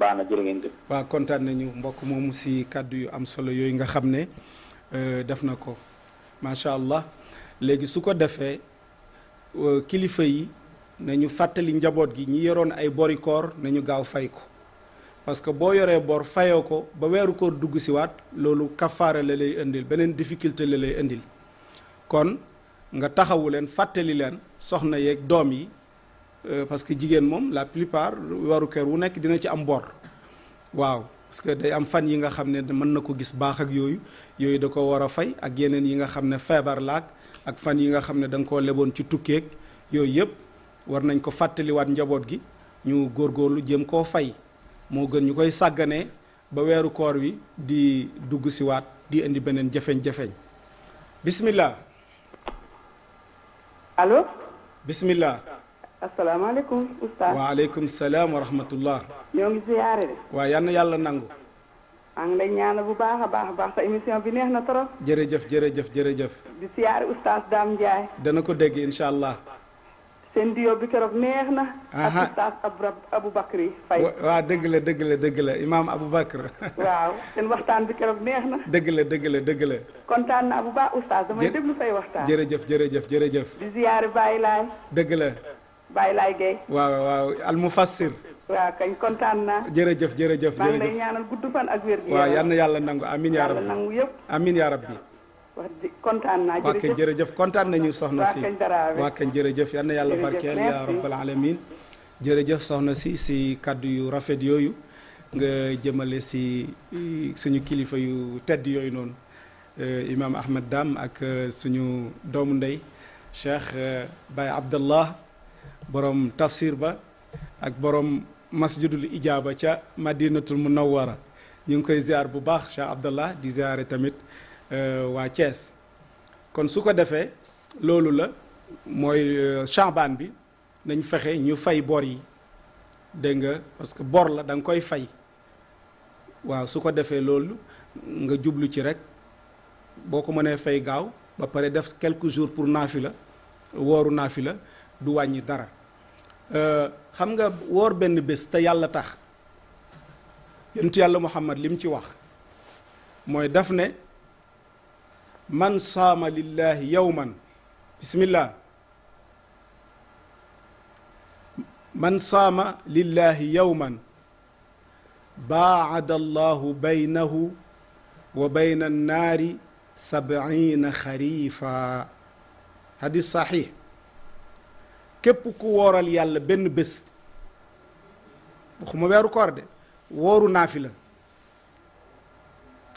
baax kontaan nañu mbokk moomu si kàddu yu am solo yooyu nga xam ne euh, def na ko macha allah léegi su ko defee euh, kilifa yi nañu fàttali njaboot gi ñi yoroon ay bori koor nañu gaaw fay ko parce que boo yoree bor fayoo ko ba weeru koor dugg si waat loolu kafaara la lay indil beneen difficulté la lay indil kon nga taxawu leen fàttali leen soxna yeeg doom yi. Euh, parce que jigéen moom la plupart waru kër wu nekk dina ci am bor waaw parce que day am fan yi nga xam ne mën na ko gis baax ak yooyu yooyu da ko war a fay ak yeneen yi nga xam ne feebar laak ak fan yi nga xam ne danga ko leboon ci tukkeeg yooyu yëpp war nañ ko fàttaliwaat njaboot gi ñu góor góorgóorlu jëm koo fay moo gën ñu koy sàgganee ba weeru koor wi di dugg si waat di indi beneen jafeñ-jafeñ bismillah allo bismillah asalaamaaleykum oustaz. waaleykum salaam wa rahmatullah. ñoo ngi ziyaare de. waaw yal na yàlla nangu. maa ngi lay ñaanal bu baax a baax a baax sa émission bi neex na trop. jërëjëf jërëjëf jërëjëf. di ziyaare oustaz Dame Ndiaye. dana ko dégg incha allah. seen diyo bi keroog neex na. ak oustaz Aboubacry Faye. waaw dëgg la dëgg la dëgg la imaam Aboubacry. <laughs> waaw seen waxtaan bi keroog neex na. dëgg la dëgg la dëgg la. kontaan naa bu baax oustaz damay déglu say waxtaan. jërëjëf jërëjëf jërëjëf. di ziyaare Baye Laay. dëgg la. Baye Laye Gueye. waaw almufassir. waaw kañ kontaan naa. jërëjëf jërëjëf jërëjëf maa ngi na yàlla nangu amiin yaa rabbi nangu yëpp amiin jërëjëf kontaan nañu soxna si. waa kañ jërëjëf yal yàlla barkeel ya rabbal alamin jërëjëf soxna si si kàddu yu rafet yooyu nga jëmale si suñu kilifa yu tedd yooyu noonu eh, imaam Ahmad Dam ak eh, suñu doomu ndey Cheikh eh, Baye Abdallah borom tafsir ba ak borom masjidul ijaaba ca madinatul mu munawwara ñu ngi koy ziar bu baax Cheikh Abdallah di ziare tamit euh, waa Thiès kon su ko defee loolu la mooy euh, Chaban bi nañ fexe ñu fay boor yi dégg nga parce que bor la danga koy fay waaw su ko defee loolu nga jublu ci rek boo ko mënee fay gaaw ba pare def quelque jours pour naafi la wooru naafi la du wàññi dara Euh, xam nga woor benn bés te yàlla tax yonent yàlla muhammad li ci wax mooy daf ne man saama lillahi yowman bismillah man saama lillahi yowman baacada allahu baynahu wa bayna annaari sabciina képp ku wooral yàlla benn bés waxuma weeru koor de wooru la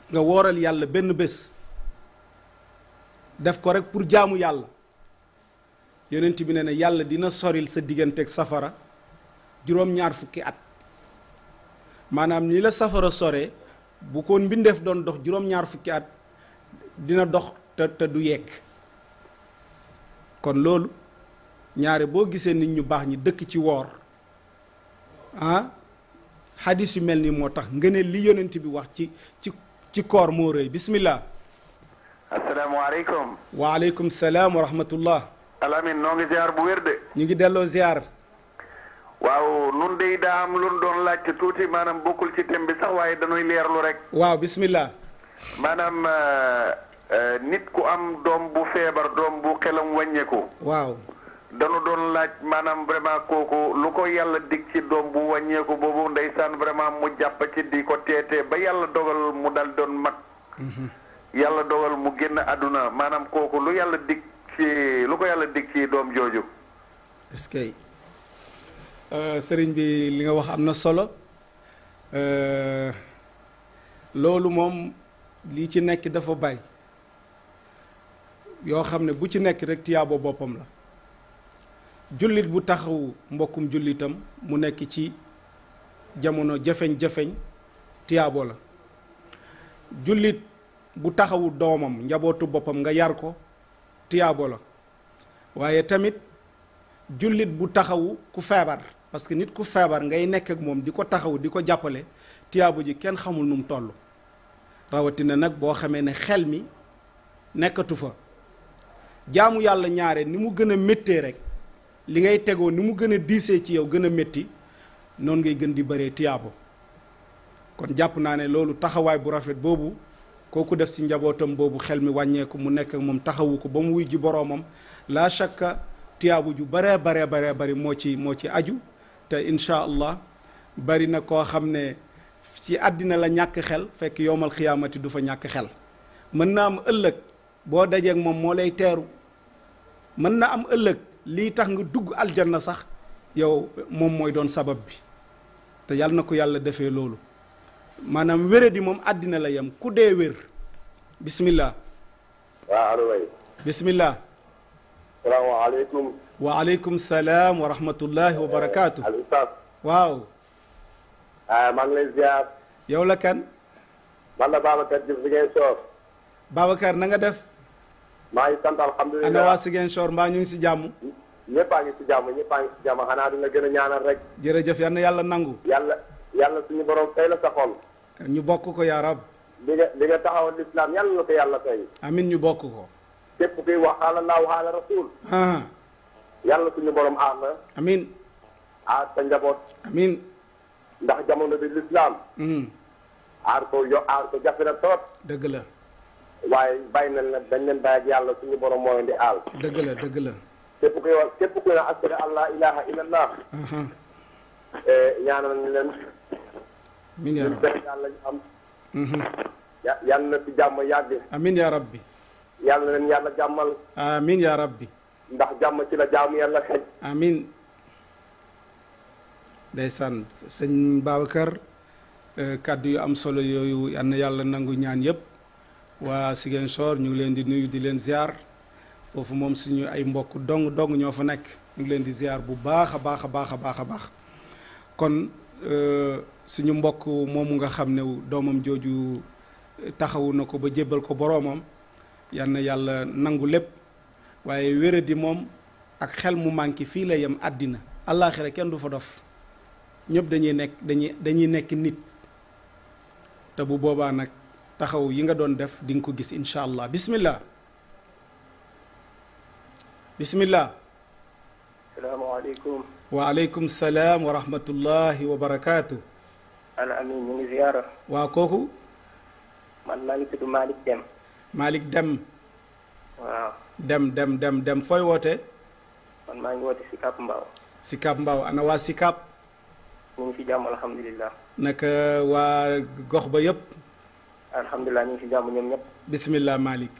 nga wooral yàlla benn bés def ko rek pour jaamu yàlla yonent bi ne na yàlla dina soril sa digganteeg safara juróom-ñaar fukki at maanaam li la safara sore bu ko mbindeef doon dox juróom-ñaar fukki at dina dox te du yegg kon loolu ñaare boo gisee nit ñu baax ñi dëkk ci woor ah xadis yu mel ni moo tax nga ne li yonent bi wax ci ci ci koor moo rëy bismillah asalaamaaleykum waaleykum salaam wa rahmatullah alamin noo ngi bu wér de ñu ngi delloo ziar waaw nun day daa am lun doon laajte tuuti maanaam bokkul ci thème bi sax waaye dañuy leerlu rek waaw bismillah maanaam euh, euh, nit ku am doom bu feebar doom bu xelam wàññeeku waaw dañu doon laaj maanaam vraiment kooku lu ko yàlla dig ci doom bu wàññeeku boobu ndeysaan vraiment mu jàpp ci di ko teetee ba yàlla dogal mu dal doon mag mhm. yàlla dogal mu génn àdduna maanaam kooku lu yàlla dig ci lu ko yàlla dig ci doom jooju est-ce que euh, sëriñ bi li nga wax am na solo euh, loolu moom li ci nekk dafa bari yoo xam ne bu ci nekk rek tiyaabo boppam la jullit bu taxaw mbokkum jullitam mu nekk ci jamono jafeñ-jafeñ tiyaabo la jullit bu taxawu doomam njabootu boppam nga yar ko tiyaabo la waaye tamit jullit bu taxawu ku feebar parce que nit ku feebar ngay nekk ak moom di ko taxaw di ko jàppale tiyaabo ji kenn xamul nu mu toll rawatina nag boo xamee ne xel mi nekkatu fa jaamu yàlla ñaare ni mu gën a méttee rek li ngay tegoo ni mu gën a diisee ci yow gën a métti noonu ngay gën di baree tiyaabo kon jàpp naa ne loolu taxawaay bu rafet boobu kooku def si njabootam boobu xel mi wàññeeku mu nekk ak moom taxawu ko ba mu wuy ji boroomam laa shakka tiyaabu ju baree baree baree bari moo ci moo ci aju te incha allah bari na koo xam ne ci àddina la ñàkk xel fekk yowmal xiyaamati du fa ñàkk xel mën na am ëllëg boo dajeeg moom moo lay teeru mën na am ëllëg lii tax nga dugg aljanna sax yow moom mooy doon sabab bi te yàlla na ko yàlla defee loolu maanaam wéradi moom àddina la yem ku dee wér bismillah waaw allo waay bismillah salaamaaleykum eh, waaw ah, maa ngi yow la kan man la Babacar Diouf Ziguinchor Babacar na nga def maa ngi sant alhamdulilah ana waa Ziguinchor mbaa ñu ngi si jàmm. ñëpp a ngi si jàmm ñëpp a ngi si jàmm xanaa dina gën a ñaanal rek. jërëjëf yal na yàlla nangu. yàlla yàlla suñu borom fay la sa xol. ñu bokk ko yaa rab. li nga li nga taxawal lislaam yàlla na ko yàlla fay. amin ñu bokk ko. képp kuy wax xaala laaw xaala rasul. Ah. yàlla suñu borom aar la. amin aar sa njaboot. amin ndax jamono bi lislaam. Hmm. aar ko yo aar ko jafe na trop. dëgg la. waaye bàyyi nañ nag dañ leen bàyyi yàlla suñu borom moo leen di aal. dëgg la dëgg la. képp kuy wax képp kuy wax ashhadu an laa ilaaha illallah. Eh, ñaanal ñu leen. yàlla am. Mhm. yàlla na jàmm yàgg. amiin yaa yàlla na leen yàlla jàmmal. amiin yaa rabbi. ndax jàmm ci la jaamu yàlla xëy. amiin. ndeysaan sëñ Babacar eh, kàddu yu am solo yooyu na yàlla nangu ñaan yëpp. waa Ziguinchor ñu ngi leen di nuyu di leen ziar foofu moom suñu ay mbokk dong dong ñoo fa nekk ñu ngi leen di ziar bu baax a baax a baax a baax a baax kon euh, suñu mbokk moom nga xam ne doomam jooju euh, taxawu na ko ba jébbal ko boroomam yal na yàlla nangu lépp waaye wéradi moom ak xel mu manqué fii la yem àddina àllaaxira kenn du fa dof ñëpp dañuy nekk dañuy dañuy nekk nit te bu boobaa nag. taxaw yi nga doon def di nga ko gis incha allah bismillah bismillah salaamaaleykum waaleykum salaam wa rahmatullahi wa barakaatu al amin ñu ngi ziyaara waa kooku man maa ngi tudd Malick Dem Malick Dem waaw Dem Dem Dem Dem fooy woote man maa ngi woote Sicap Mbao Sicap Mbao ana waa Sicap ñu ngi ci jàmm alhamdulilah naka waa gox ba yëpp alhamdulilah ni ngi si jàmm ñoom ñëpp. bisimilah Malick.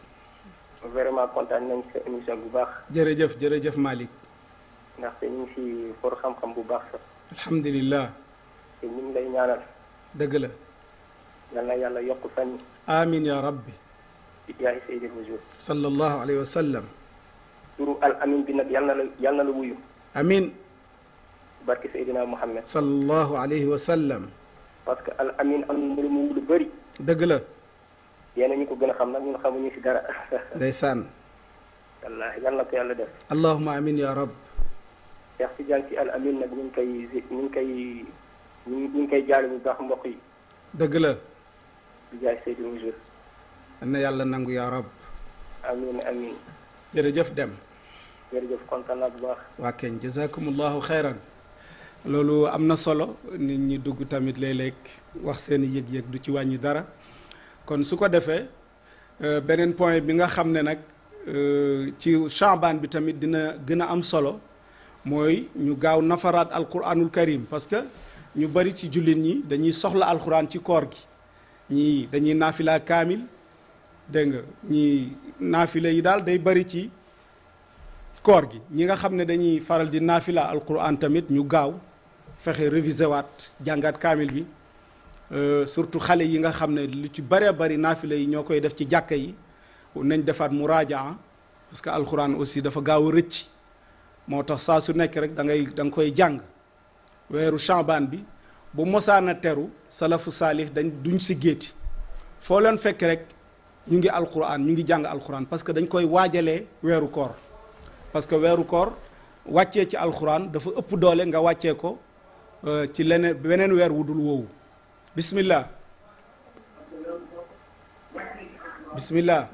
vraiment kontaan nañ sa bu baax. jërëjëf jërëjëf Malick. ndaxte ñu ngi si xam-xam bu baax sax. alhamdulilah. te ñu lay ñaanal. dëgg yal na yàlla yokk fan. amiin yaa rabbi. di jaay Seydou Moussa. al amin bi nag yal na la yal na la wuyu. amiin. parce que al amin am na lu mu lu bëri. dëgg la. yéen ñu ko gën a xam nag ñun xamuñu si dara. <laughs> ndeysaan. wallaahi yal ko yàlla def. allahumma amin ya rab. Cheikh Tidiane Sy Al Amine nag ñu ngi koy ñu ngi bu baax mbokk yi. dëgg la. di jaay Seydou Moussa. na yàlla nangu ya rab. amin amin jërëjëf dem. jërëjëf kontaan naa bu baax. waa kenn jazaakumullahu xayran. loolu am na solo nit ñi dugg tamit léeg-léeg wax seen yëg-yëg du ci wàññi dara kon su ko defee euh, beneen point bi nga xam ne nag euh, ci Chaabaan bi tamit dina gën a am solo mooy ñu gaaw nafaraat alquranul karim parce que ñu bari ci jullit ñi dañuy soxla alquran ci koor gi ñi dañuy naafilaa kaamil dégg nga ñii naafila yi daal day bari ci koor gi ñi nga xam ne dañuy faral di naafilaa naafila alquran tamit ñu gaaw fexe réviser waat jàngaat kaamil bi euh, surtout xale yi nga xam ne lu ci bëree bëri naafila yi ñoo koy def ci jàkka yi nañ defaat muraajaa parce que alxuraan aussi dafa gaaw a rëcc moo tax saa su nekk rek da ngay da koy jàng weeru Shaabaan bi bu mosaana teru salafu saalix dañ duñ si géeti foo leen fekk rek ñu ngi alxuraan ñu ngi jàng alxuraan parce que dañ koy waajalee weeru koor parce que weeru koor wàccee ci alxuraan dafa ëpp doole nga wàccee ko Euh, ci leneen beneen weer wu dul woowu bismillah bismillah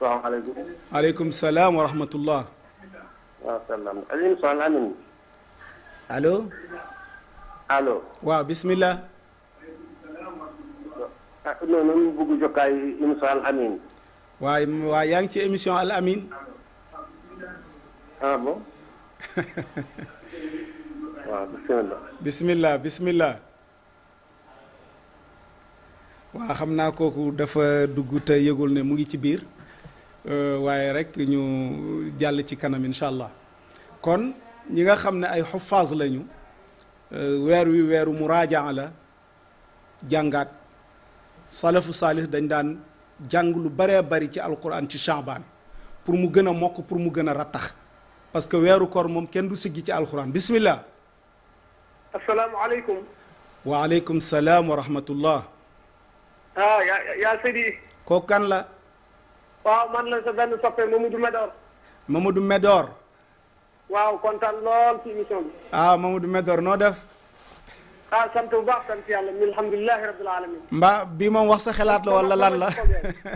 salaamaaleykum aleykum salaam yaa ngi ci émission Al Amin ah, <laughs> waaw bisimilah. bisimilah bisimilah. waa xam naa kooku dafa dugg te yëgul ne mu ngi ci biir euh, waaye rek ñu jàll ci kanam incha allah kon ñi nga xam ne ay xuffaas lañu euh, weer wi weeru muraajaa la jàngaat salafu saalih dañ daan jàng lu baree bari ci alquran ci chaabaan pour mu gën a mokk pour mu gën a rattax parce que weeru koor moom kenn du siggi ci alquran bismillah asalaamualeykum. waaleykum salaam wa rahmatullah. ah yaa yaa Seydi. kooku kan la. waaw man la sa benn soppe Mamadou Medor. Mamadou Medor. waaw kontaan lool ci émission bi. ah Mamadou Medor noo def. ah sant bu baax sant yàlla mi alhamdulilahi rabil alamin mbaa bii moom wax sa xalaat la wala lan la.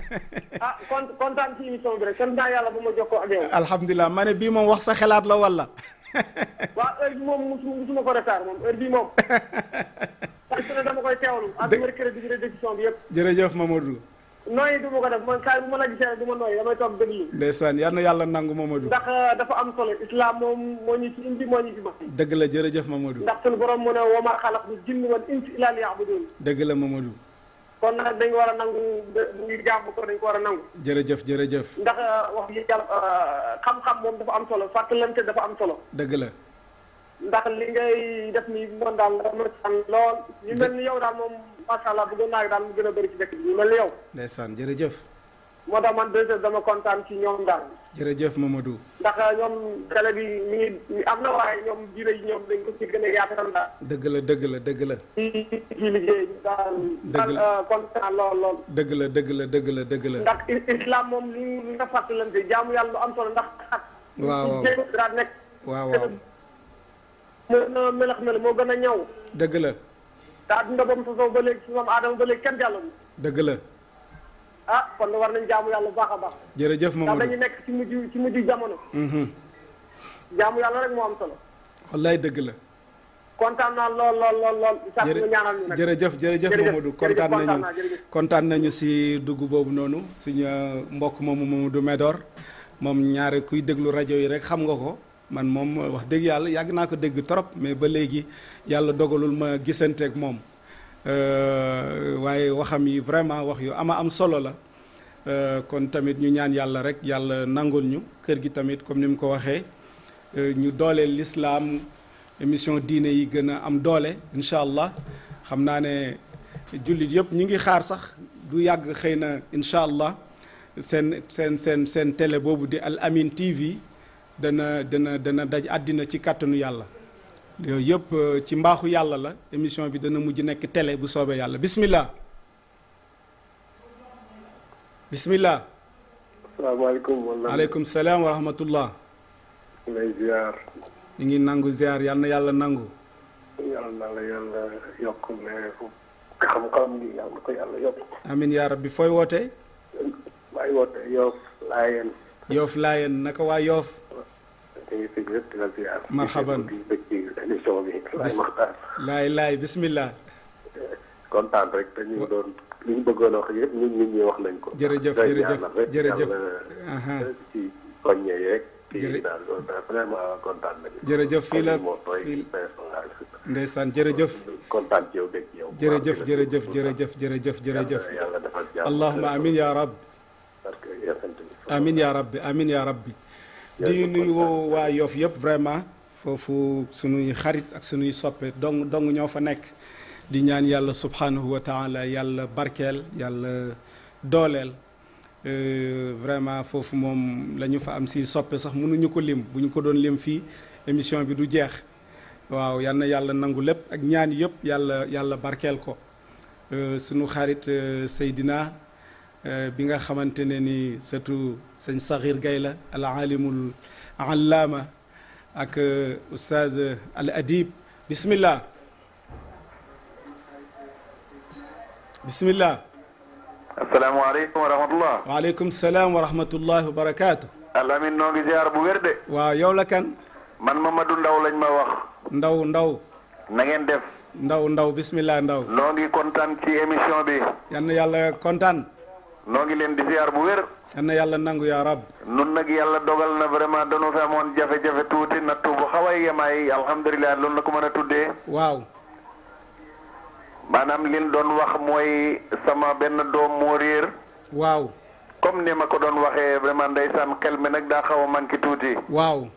<laughs> ah kontaan ci émission bi rek sant naa yàlla bu ma jokkoo ak yow. alhamdulilah ma ne bii moom wax sa xalaat la wala. <laughs> <laughs> waaw heure moom musu musuma ko retard moom heure bi moom. <laughs> parce que dama koy teewlu. ak mercredi bi rédaction bi yëpp. jërëjëf Mamadou. nooyi du ma ko def man saa bu ma la gisee du ma nooyi damay toog déglu. ndeysaan yal na yàlla nangu Mamadou. ndax euh, dafa am moom moo ñu ci indi moo ñu dëgg la jërëjëf Mamadou. ndax sunu borom mu ne wa ma xalaqtu jinna wal insa illa liya'budun. dëgg la Mamadou. kon nag dañu war a nangu ñu jàmm ko dañu ko war a nangu. jërëjëf jërëjëf. ndax euh, wax dëgg yàlla euh, xam-xam moom dafa am solo fàttalante dafa am solo. dëgg la. ndax li ngay def nii moom daal dama san lool. ñu mel ni yow daal moom macha allah bëggoon naa daal mu gën a bëri ci dëkk bi ñu mel ni yow. ndeysaan jërëjëf. moo tax man 2 dama kontaan ci ñoom daal. jërëjëf Mamadou. ndax ñoom télé bi mi ngi am na waaye ñoom diine yi ñoom dañ ko ci a yaatal daal. dëgg la dëgg la dëgg la. ci daal. dëgg la euh, dëgg la dëgg la dëgg la dëgg la. ndax islam moom li nga fàttalante jaamu yàlla lu am solo ndax. waaw waaw waaw moo gën a melax moo gën ñaw. dëgg la. daa dunda ba mu sosoo ba léegi si moom aadama ba léegi kenn jàllul. dëgg la. ah kon war nañ jaamu yàlla bu baax a baax. jërëjëf Mamadou dañu nekk ci mujj ci mm-hmm. yàlla rek moo am solo. wallaay dëgg la. kontaan naa lool lool jërëjëf jërëjëf jërëjëf Mamadou kontaan nañu kontaan nañu si dugg boobu noonu suñu euh, mbokk moomu Mamadou Medor moom ñaare kuy déglu rajo yi rek xam nga ko man moom wax dëgg yàlla yàgg naa ko dégg trop mais ba léegi yàlla dogalul ma gisanteeg moom. Euh, waaye waxam yi vraiment wax yu ama am solo la euh, kon tamit ñu ñaan yàlla rek yàlla nangul ñu kër gi tamit comme ni mu ko waxee euh, ñu dooleel lislaam émission diine yi gën a am doole incha allah xam naa ne jullit yëpp ñu ngi xaar sax du yàgg xëy na incha allah seen seen seen seen télé boobu di Al Amine TV dana dana dana daj àddina ci kàttanu yàlla yooyu yëpp euh, ci mbaaxu yàlla la émission bi dana mujj nekk télé bu soobee yàlla bismillah bismillah asalaamaaleykum waaleykum salaam wa rahmatullah ngi nangu ziar yal yàlla nangu yàlla na la yàlla yokk mais xam-xam bi yàlla ko yàlla yokk amin yaa rabbi fooy wootee yoof laayeen yoof laayeen naka waa yoof ñu ngi fi ñëpp bi. laay maxtaar laay bismillah. kontaan rek dañuy doon li ñu yëpp ñun nit wax nañ ko. jërëjëf jërëjëf jërëjëf ci soññe yeeg. jërëjëf daal vraiment yow dégg yow. jërëjëf jërëjëf jërëjëf jërëjëf jërëjëf. allahuma amin ya amin ya amin ya di nuyu waa Yoff yëpp vraiment foofu sunuy xarit ak sunuy soppee dong dong ñoo fa nekk di ñaan yàlla subhanahu wa taala yàlla barkeel yàlla dooleel euh, vraiment foofu moom la ñu fa am si soppee sax munuñu ko lim bu ñu ko doon lim fii émission bi du jeex waaw yal yàlla nangu lépp ak ñaan yëpp yàlla yàlla barkeel ko euh, sunu xarit euh, Seydina Euh, bi nga xamante ne ni surtout sëñ Sakhir Gaye la al alimul allaama ak oustaz euh, euh, al adib bismillah bismillah asalaamaaleykum wa rahmatullah waaleykum salaam wa rahmatullah wa barakaatu alamin noo ngi ziar bu wér de waaw yow la kan man Mamadou Ndaw lañ ma wax ndaw ndaw na ngeen def ndaw ndaw bismillah ndaw noo ngi kontaan ci émission bi yan yàlla kontaan noo ngi leen di ziar bu wér. yal na yàlla nangu yaa rab. nun nag yàlla dogal na vraiment dañoo fi amoon jafe-jafe tuuti nattu bu xaw a yemaay alhamdulilah loolu la ko mën a tuddee. waaw. maanaam liin doon wax mooy sama benn doom moo réer. waaw. comme ni ma ko doon waxee vraiment ndeysaan xel mi nag daa xaw a manqué tuuti. waaw.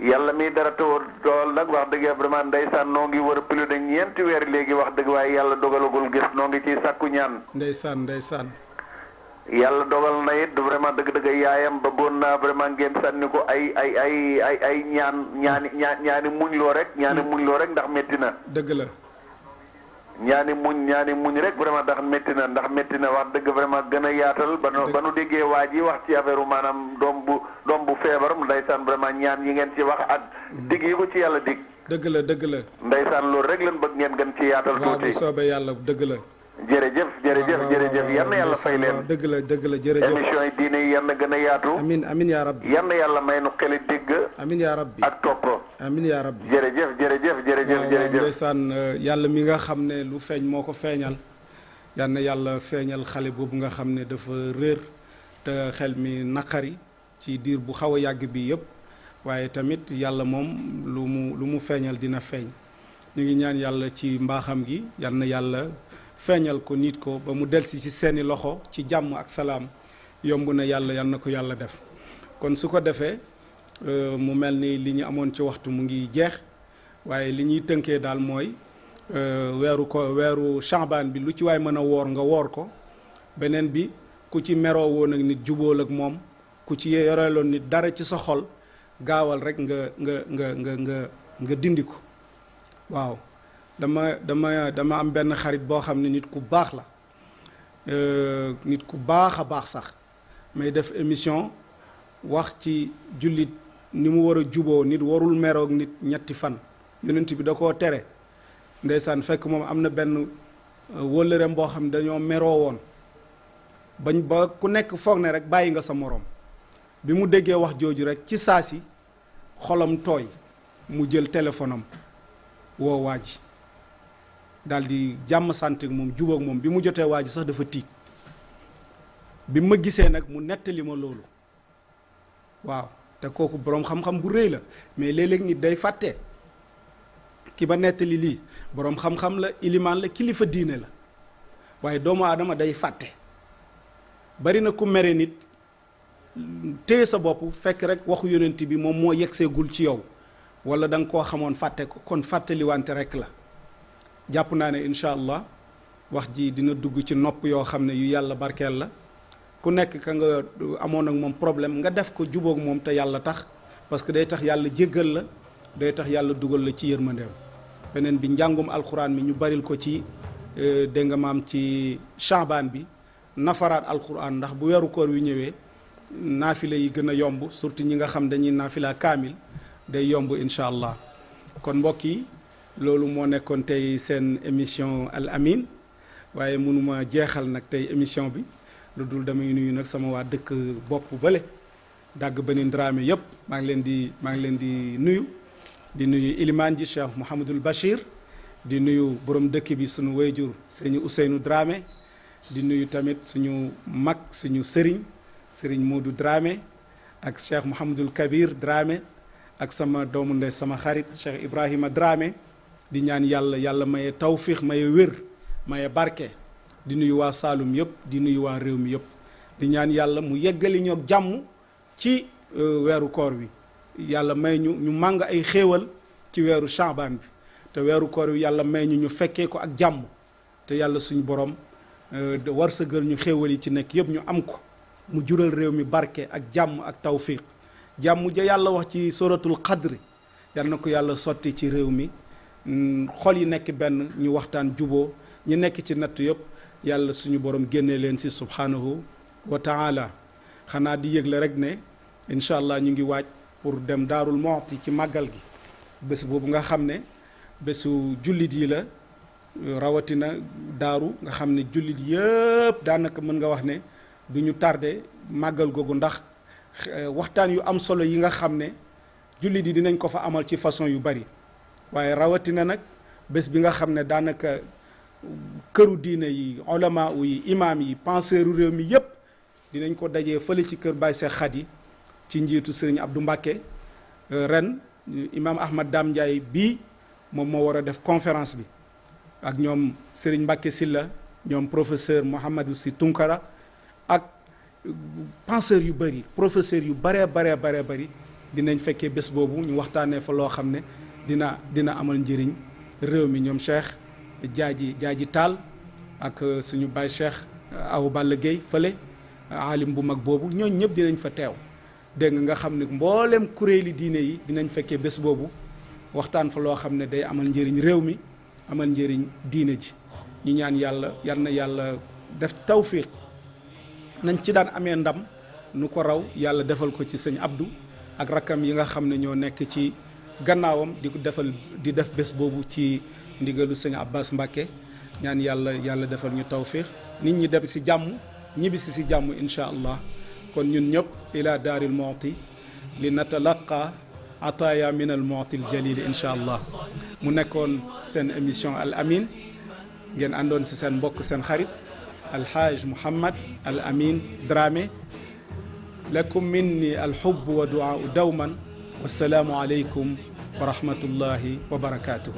yàlla mi dara tawar dool nag wax dëgg vraiment ndeysaan noo ngi wër plus de ñeenti weer léegi wax dëgg waaye yàlla dogalagul gis noo ngi ciy sàkku ñaan. ndeysaan ndeysaan. yàlla dogal na it vraiment dëgg-dëgg yaayam bëggoon naa vraiment ngeen sànni ko ay ay ay ay ay ñaan ñaani ñaani muñ loo rek. ñaani mm. muñ loo rek ndax métti na. dëgg la. ñaani muñ ñaani muñ rek vraiment ndax métti na ndax métti na wax dëgg vraiment gën a yaatal ba nu ba nu déggee waa ji wax ci affaire maanaam doom bu doom bu feebar ndeysaan vraiment ñaan yi ngeen ci wax ak mm. digg yi ko ci yàlla digg dëgg la dëgg la ndeysaan loolu rek lañ bëgg ngeen gën ci yaatal tuuti waaw bu soobee yàlla dëgg la jërëjëf jërëjëf jërëjëf yàlla dëgg la dëgg la jërëjëf émission gën a yaatu amin amin yaa rabbi yàlla may nu xeli dégg amin yaa rabbi ak topp amin yaa rabbi jërëjëf jërëjëf jërëjëf jërëjëf euh, yàlla mi nga xam ne lu feeñ moo ko feeñal yal yàlla feeñal xale boobu nga xam ne dafa réer te xel mi naqari ci diir bu xaw a yàgg bi yépp waaye tamit yàlla moom lu mu lu mu feeñal dina feeñ ñu ngi ñaan yàlla ci mbaaxam gi yal yàlla feeñal ko nit ko ba mu delsi ci seeni loxo ci jàmm ak salaam yomb na yàlla yal na ko yàlla def kon su ko defee euh, mu mel ni li ñu amoon ci waxtu mu ngi jeex waaye li ñuy tënkee daal mooy euh, weeru ko weeru Sha'bâne bi lu ci waay mën a woor nga woor ko beneen bi ku ci meroo woon ak nit jubóol ak moom ku ci yoreeloon nit dara ci sa xol gaawal rek nga nga nga nga nga nga dindi ko waaw dama dama dama am benn xarit boo xam ne nit ku baax la euh, nit ku baax a baax sax may def émission wax ci jullit ni mu war a juboo nit warul meroog nit ñetti fan yonent bi da koo tere ndeysaan fekk moom am na benn euh, wëllëreem boo xam ne dañoo meroo woon bañ ba ku nekk foog ne rek bàyyi nga sa moroom bi mu déggee wax jooju rek ci saa si xolam tooy mu jël téléphone am woo waa ji daal di jàmm sant moom jubook moom bi mu jotee waa ji sax dafa tiit bi ma gisee nag mu nettali ma loolu waaw te kooku boroom xam-xam bu rëy la mais léeg-léeg nit day fàtte ki ba nettali lii boroom xam-xam la ilimaan la kilifa diine la waaye doomu aadama day fàtte bari na ku mere nit téye sa bopp fekk rek waxu yonent bi moom moo yegseegul ci yow wala da koo xamoon fàtte ko kon fàttaliwante rek la jàpp naa ne incha allah wax ji dina dugg ci nopp yoo xam ne yu yàlla barkeel la ku nekk ka nga amoon ak moom problème nga def ko jubook moom te yàlla tax parce que day tax yàlla jéggal la day tax yàlla dugal la ci yërmandeem beneen bi njàngum alxuraan bi ñu baril ko ci euh, dégg nga maam ci chaabaan bi nafaraat alxuraan ndax bu weeru koor wi ñëwee naafila yi gën a yomb surtout ñi nga xam dañuy naafila kaamil day yomb incha allah kon mbokk yi loolu moo nekkoon tey seen émission Al Amine waaye mënuma jeexal nag tey émission bi lu dul damay nuyu nag sama waa dëkk bopp bële dagg beneen drame yëpp maa ngi leen di maa ngi leen di nuyu di nuyu ilimaan ji Cheikh Mouhamadul Bachir di nuyu borom dëkk bi suñu wayjur sëñ Ousseynou Dramé di nuyu tamit suñu mag suñu sëriñ sëriñ Modou Dramé ak Cheikh Mouhamadul Kabir Dramé ak sama doomu ndey sama xarit Cheikh Ibrahima Dramé di ñaan yàlla yàlla maye tawféex maye wér maye barke di nuyu waa Saalum yëpp di nuyu waa réew mi yëpp di ñaan yàlla mu yeggali ñoog jàmm ci euh, weeru koor wi yàlla may ñu ñu màng ay xéewal ci weeru Shaabaan bi te weeru koor wi yàlla may ñu ñu fekkee ko ak jàmm te yàlla suñu borom war sa gël ñu xéewal yi ci nekk yëpp ñu am ko mu jural réew mi barke ak jàmm ak tawfiq jàmm ja yàlla wax ci suratul qadri yal na ko yàlla sotti ci réew mi Mm, xol yi nekk benn ñu waxtaan juboo ñu nekk ci natt yëpp yàlla suñu borom génnee leen si subhanahu wa taala xanaa di la rek ne incha allah ñu ngi waaj pour dem daarul moxti ci màggal gi bés boobu nga xam ne bésu jullit yi la rawatina daaru nga xam ne jullit yëpp daanaka mën nga wax ne du ñu tardé màggal googu ndax eh, waxtaan yu am solo yi nga xam ne jullit yi dinañ ko fa amal ci façon yu bari waaye rawatina nag bés bi nga xam ne daanaka këru diine yi olama imaam yi penseuru réew mi yëpp dinañ ko dajee fële ci kër Baye Seex Xadi ci njiitu sëriñ Abdou Mbàkke euh, ren imaam Ahmad Dame Ndiaye bii moom moo war a def conférence bi ak ñoom sëriñ Mbàkke Silla ñoom professeur Mouhamadou Si Tunkara ak penseurs yu bëri professeurs yu baree baree baree bëri dinañ fekkee bés boobu ñu waxtaanee fa loo xam ne dina dina amal njëriñ réew mi ñoom Cheikh jaaji jaaji taal ak euh, suñu baay Cheikh euh, aw Balla Gueye fële euh, aalim bu mag boobu ñooñ ñëpp dinañ fa teew dégg nga nga xam ne mbooleem kuréeli diine yi dinañ fekkee bés boobu waxtaan fa loo xam ne day amal njëriñ réew mi amal njëriñ diine ji ñu ñaan yàlla yal na yàlla def tawfiq nañ ci daan amee ndam nu ko raw yàlla defal ko ci sëñ Abdou ak rakkam yi nga xam ne ñoo nekk ci gannaawam di ko defal di def bés boobu ci ndigalu sëñ Abbas Mbacke ñaan yàlla yàlla defal ñu tawfiix nit ñi def si jàmm ñibbisi si jàmm incha allah kon ñun ñëpp ila daaril mooti li natalaqa ataaya min al mooti al jalil incha allah mu nekkoon seen émission al amin ngeen àndoon si seen mbokk seen xarit alhaaj Mouhammad al amin Dramé ni minni alxub wa duaa dawman wasalaamu aleykum wa rahmatullahi wa barakaatuhu.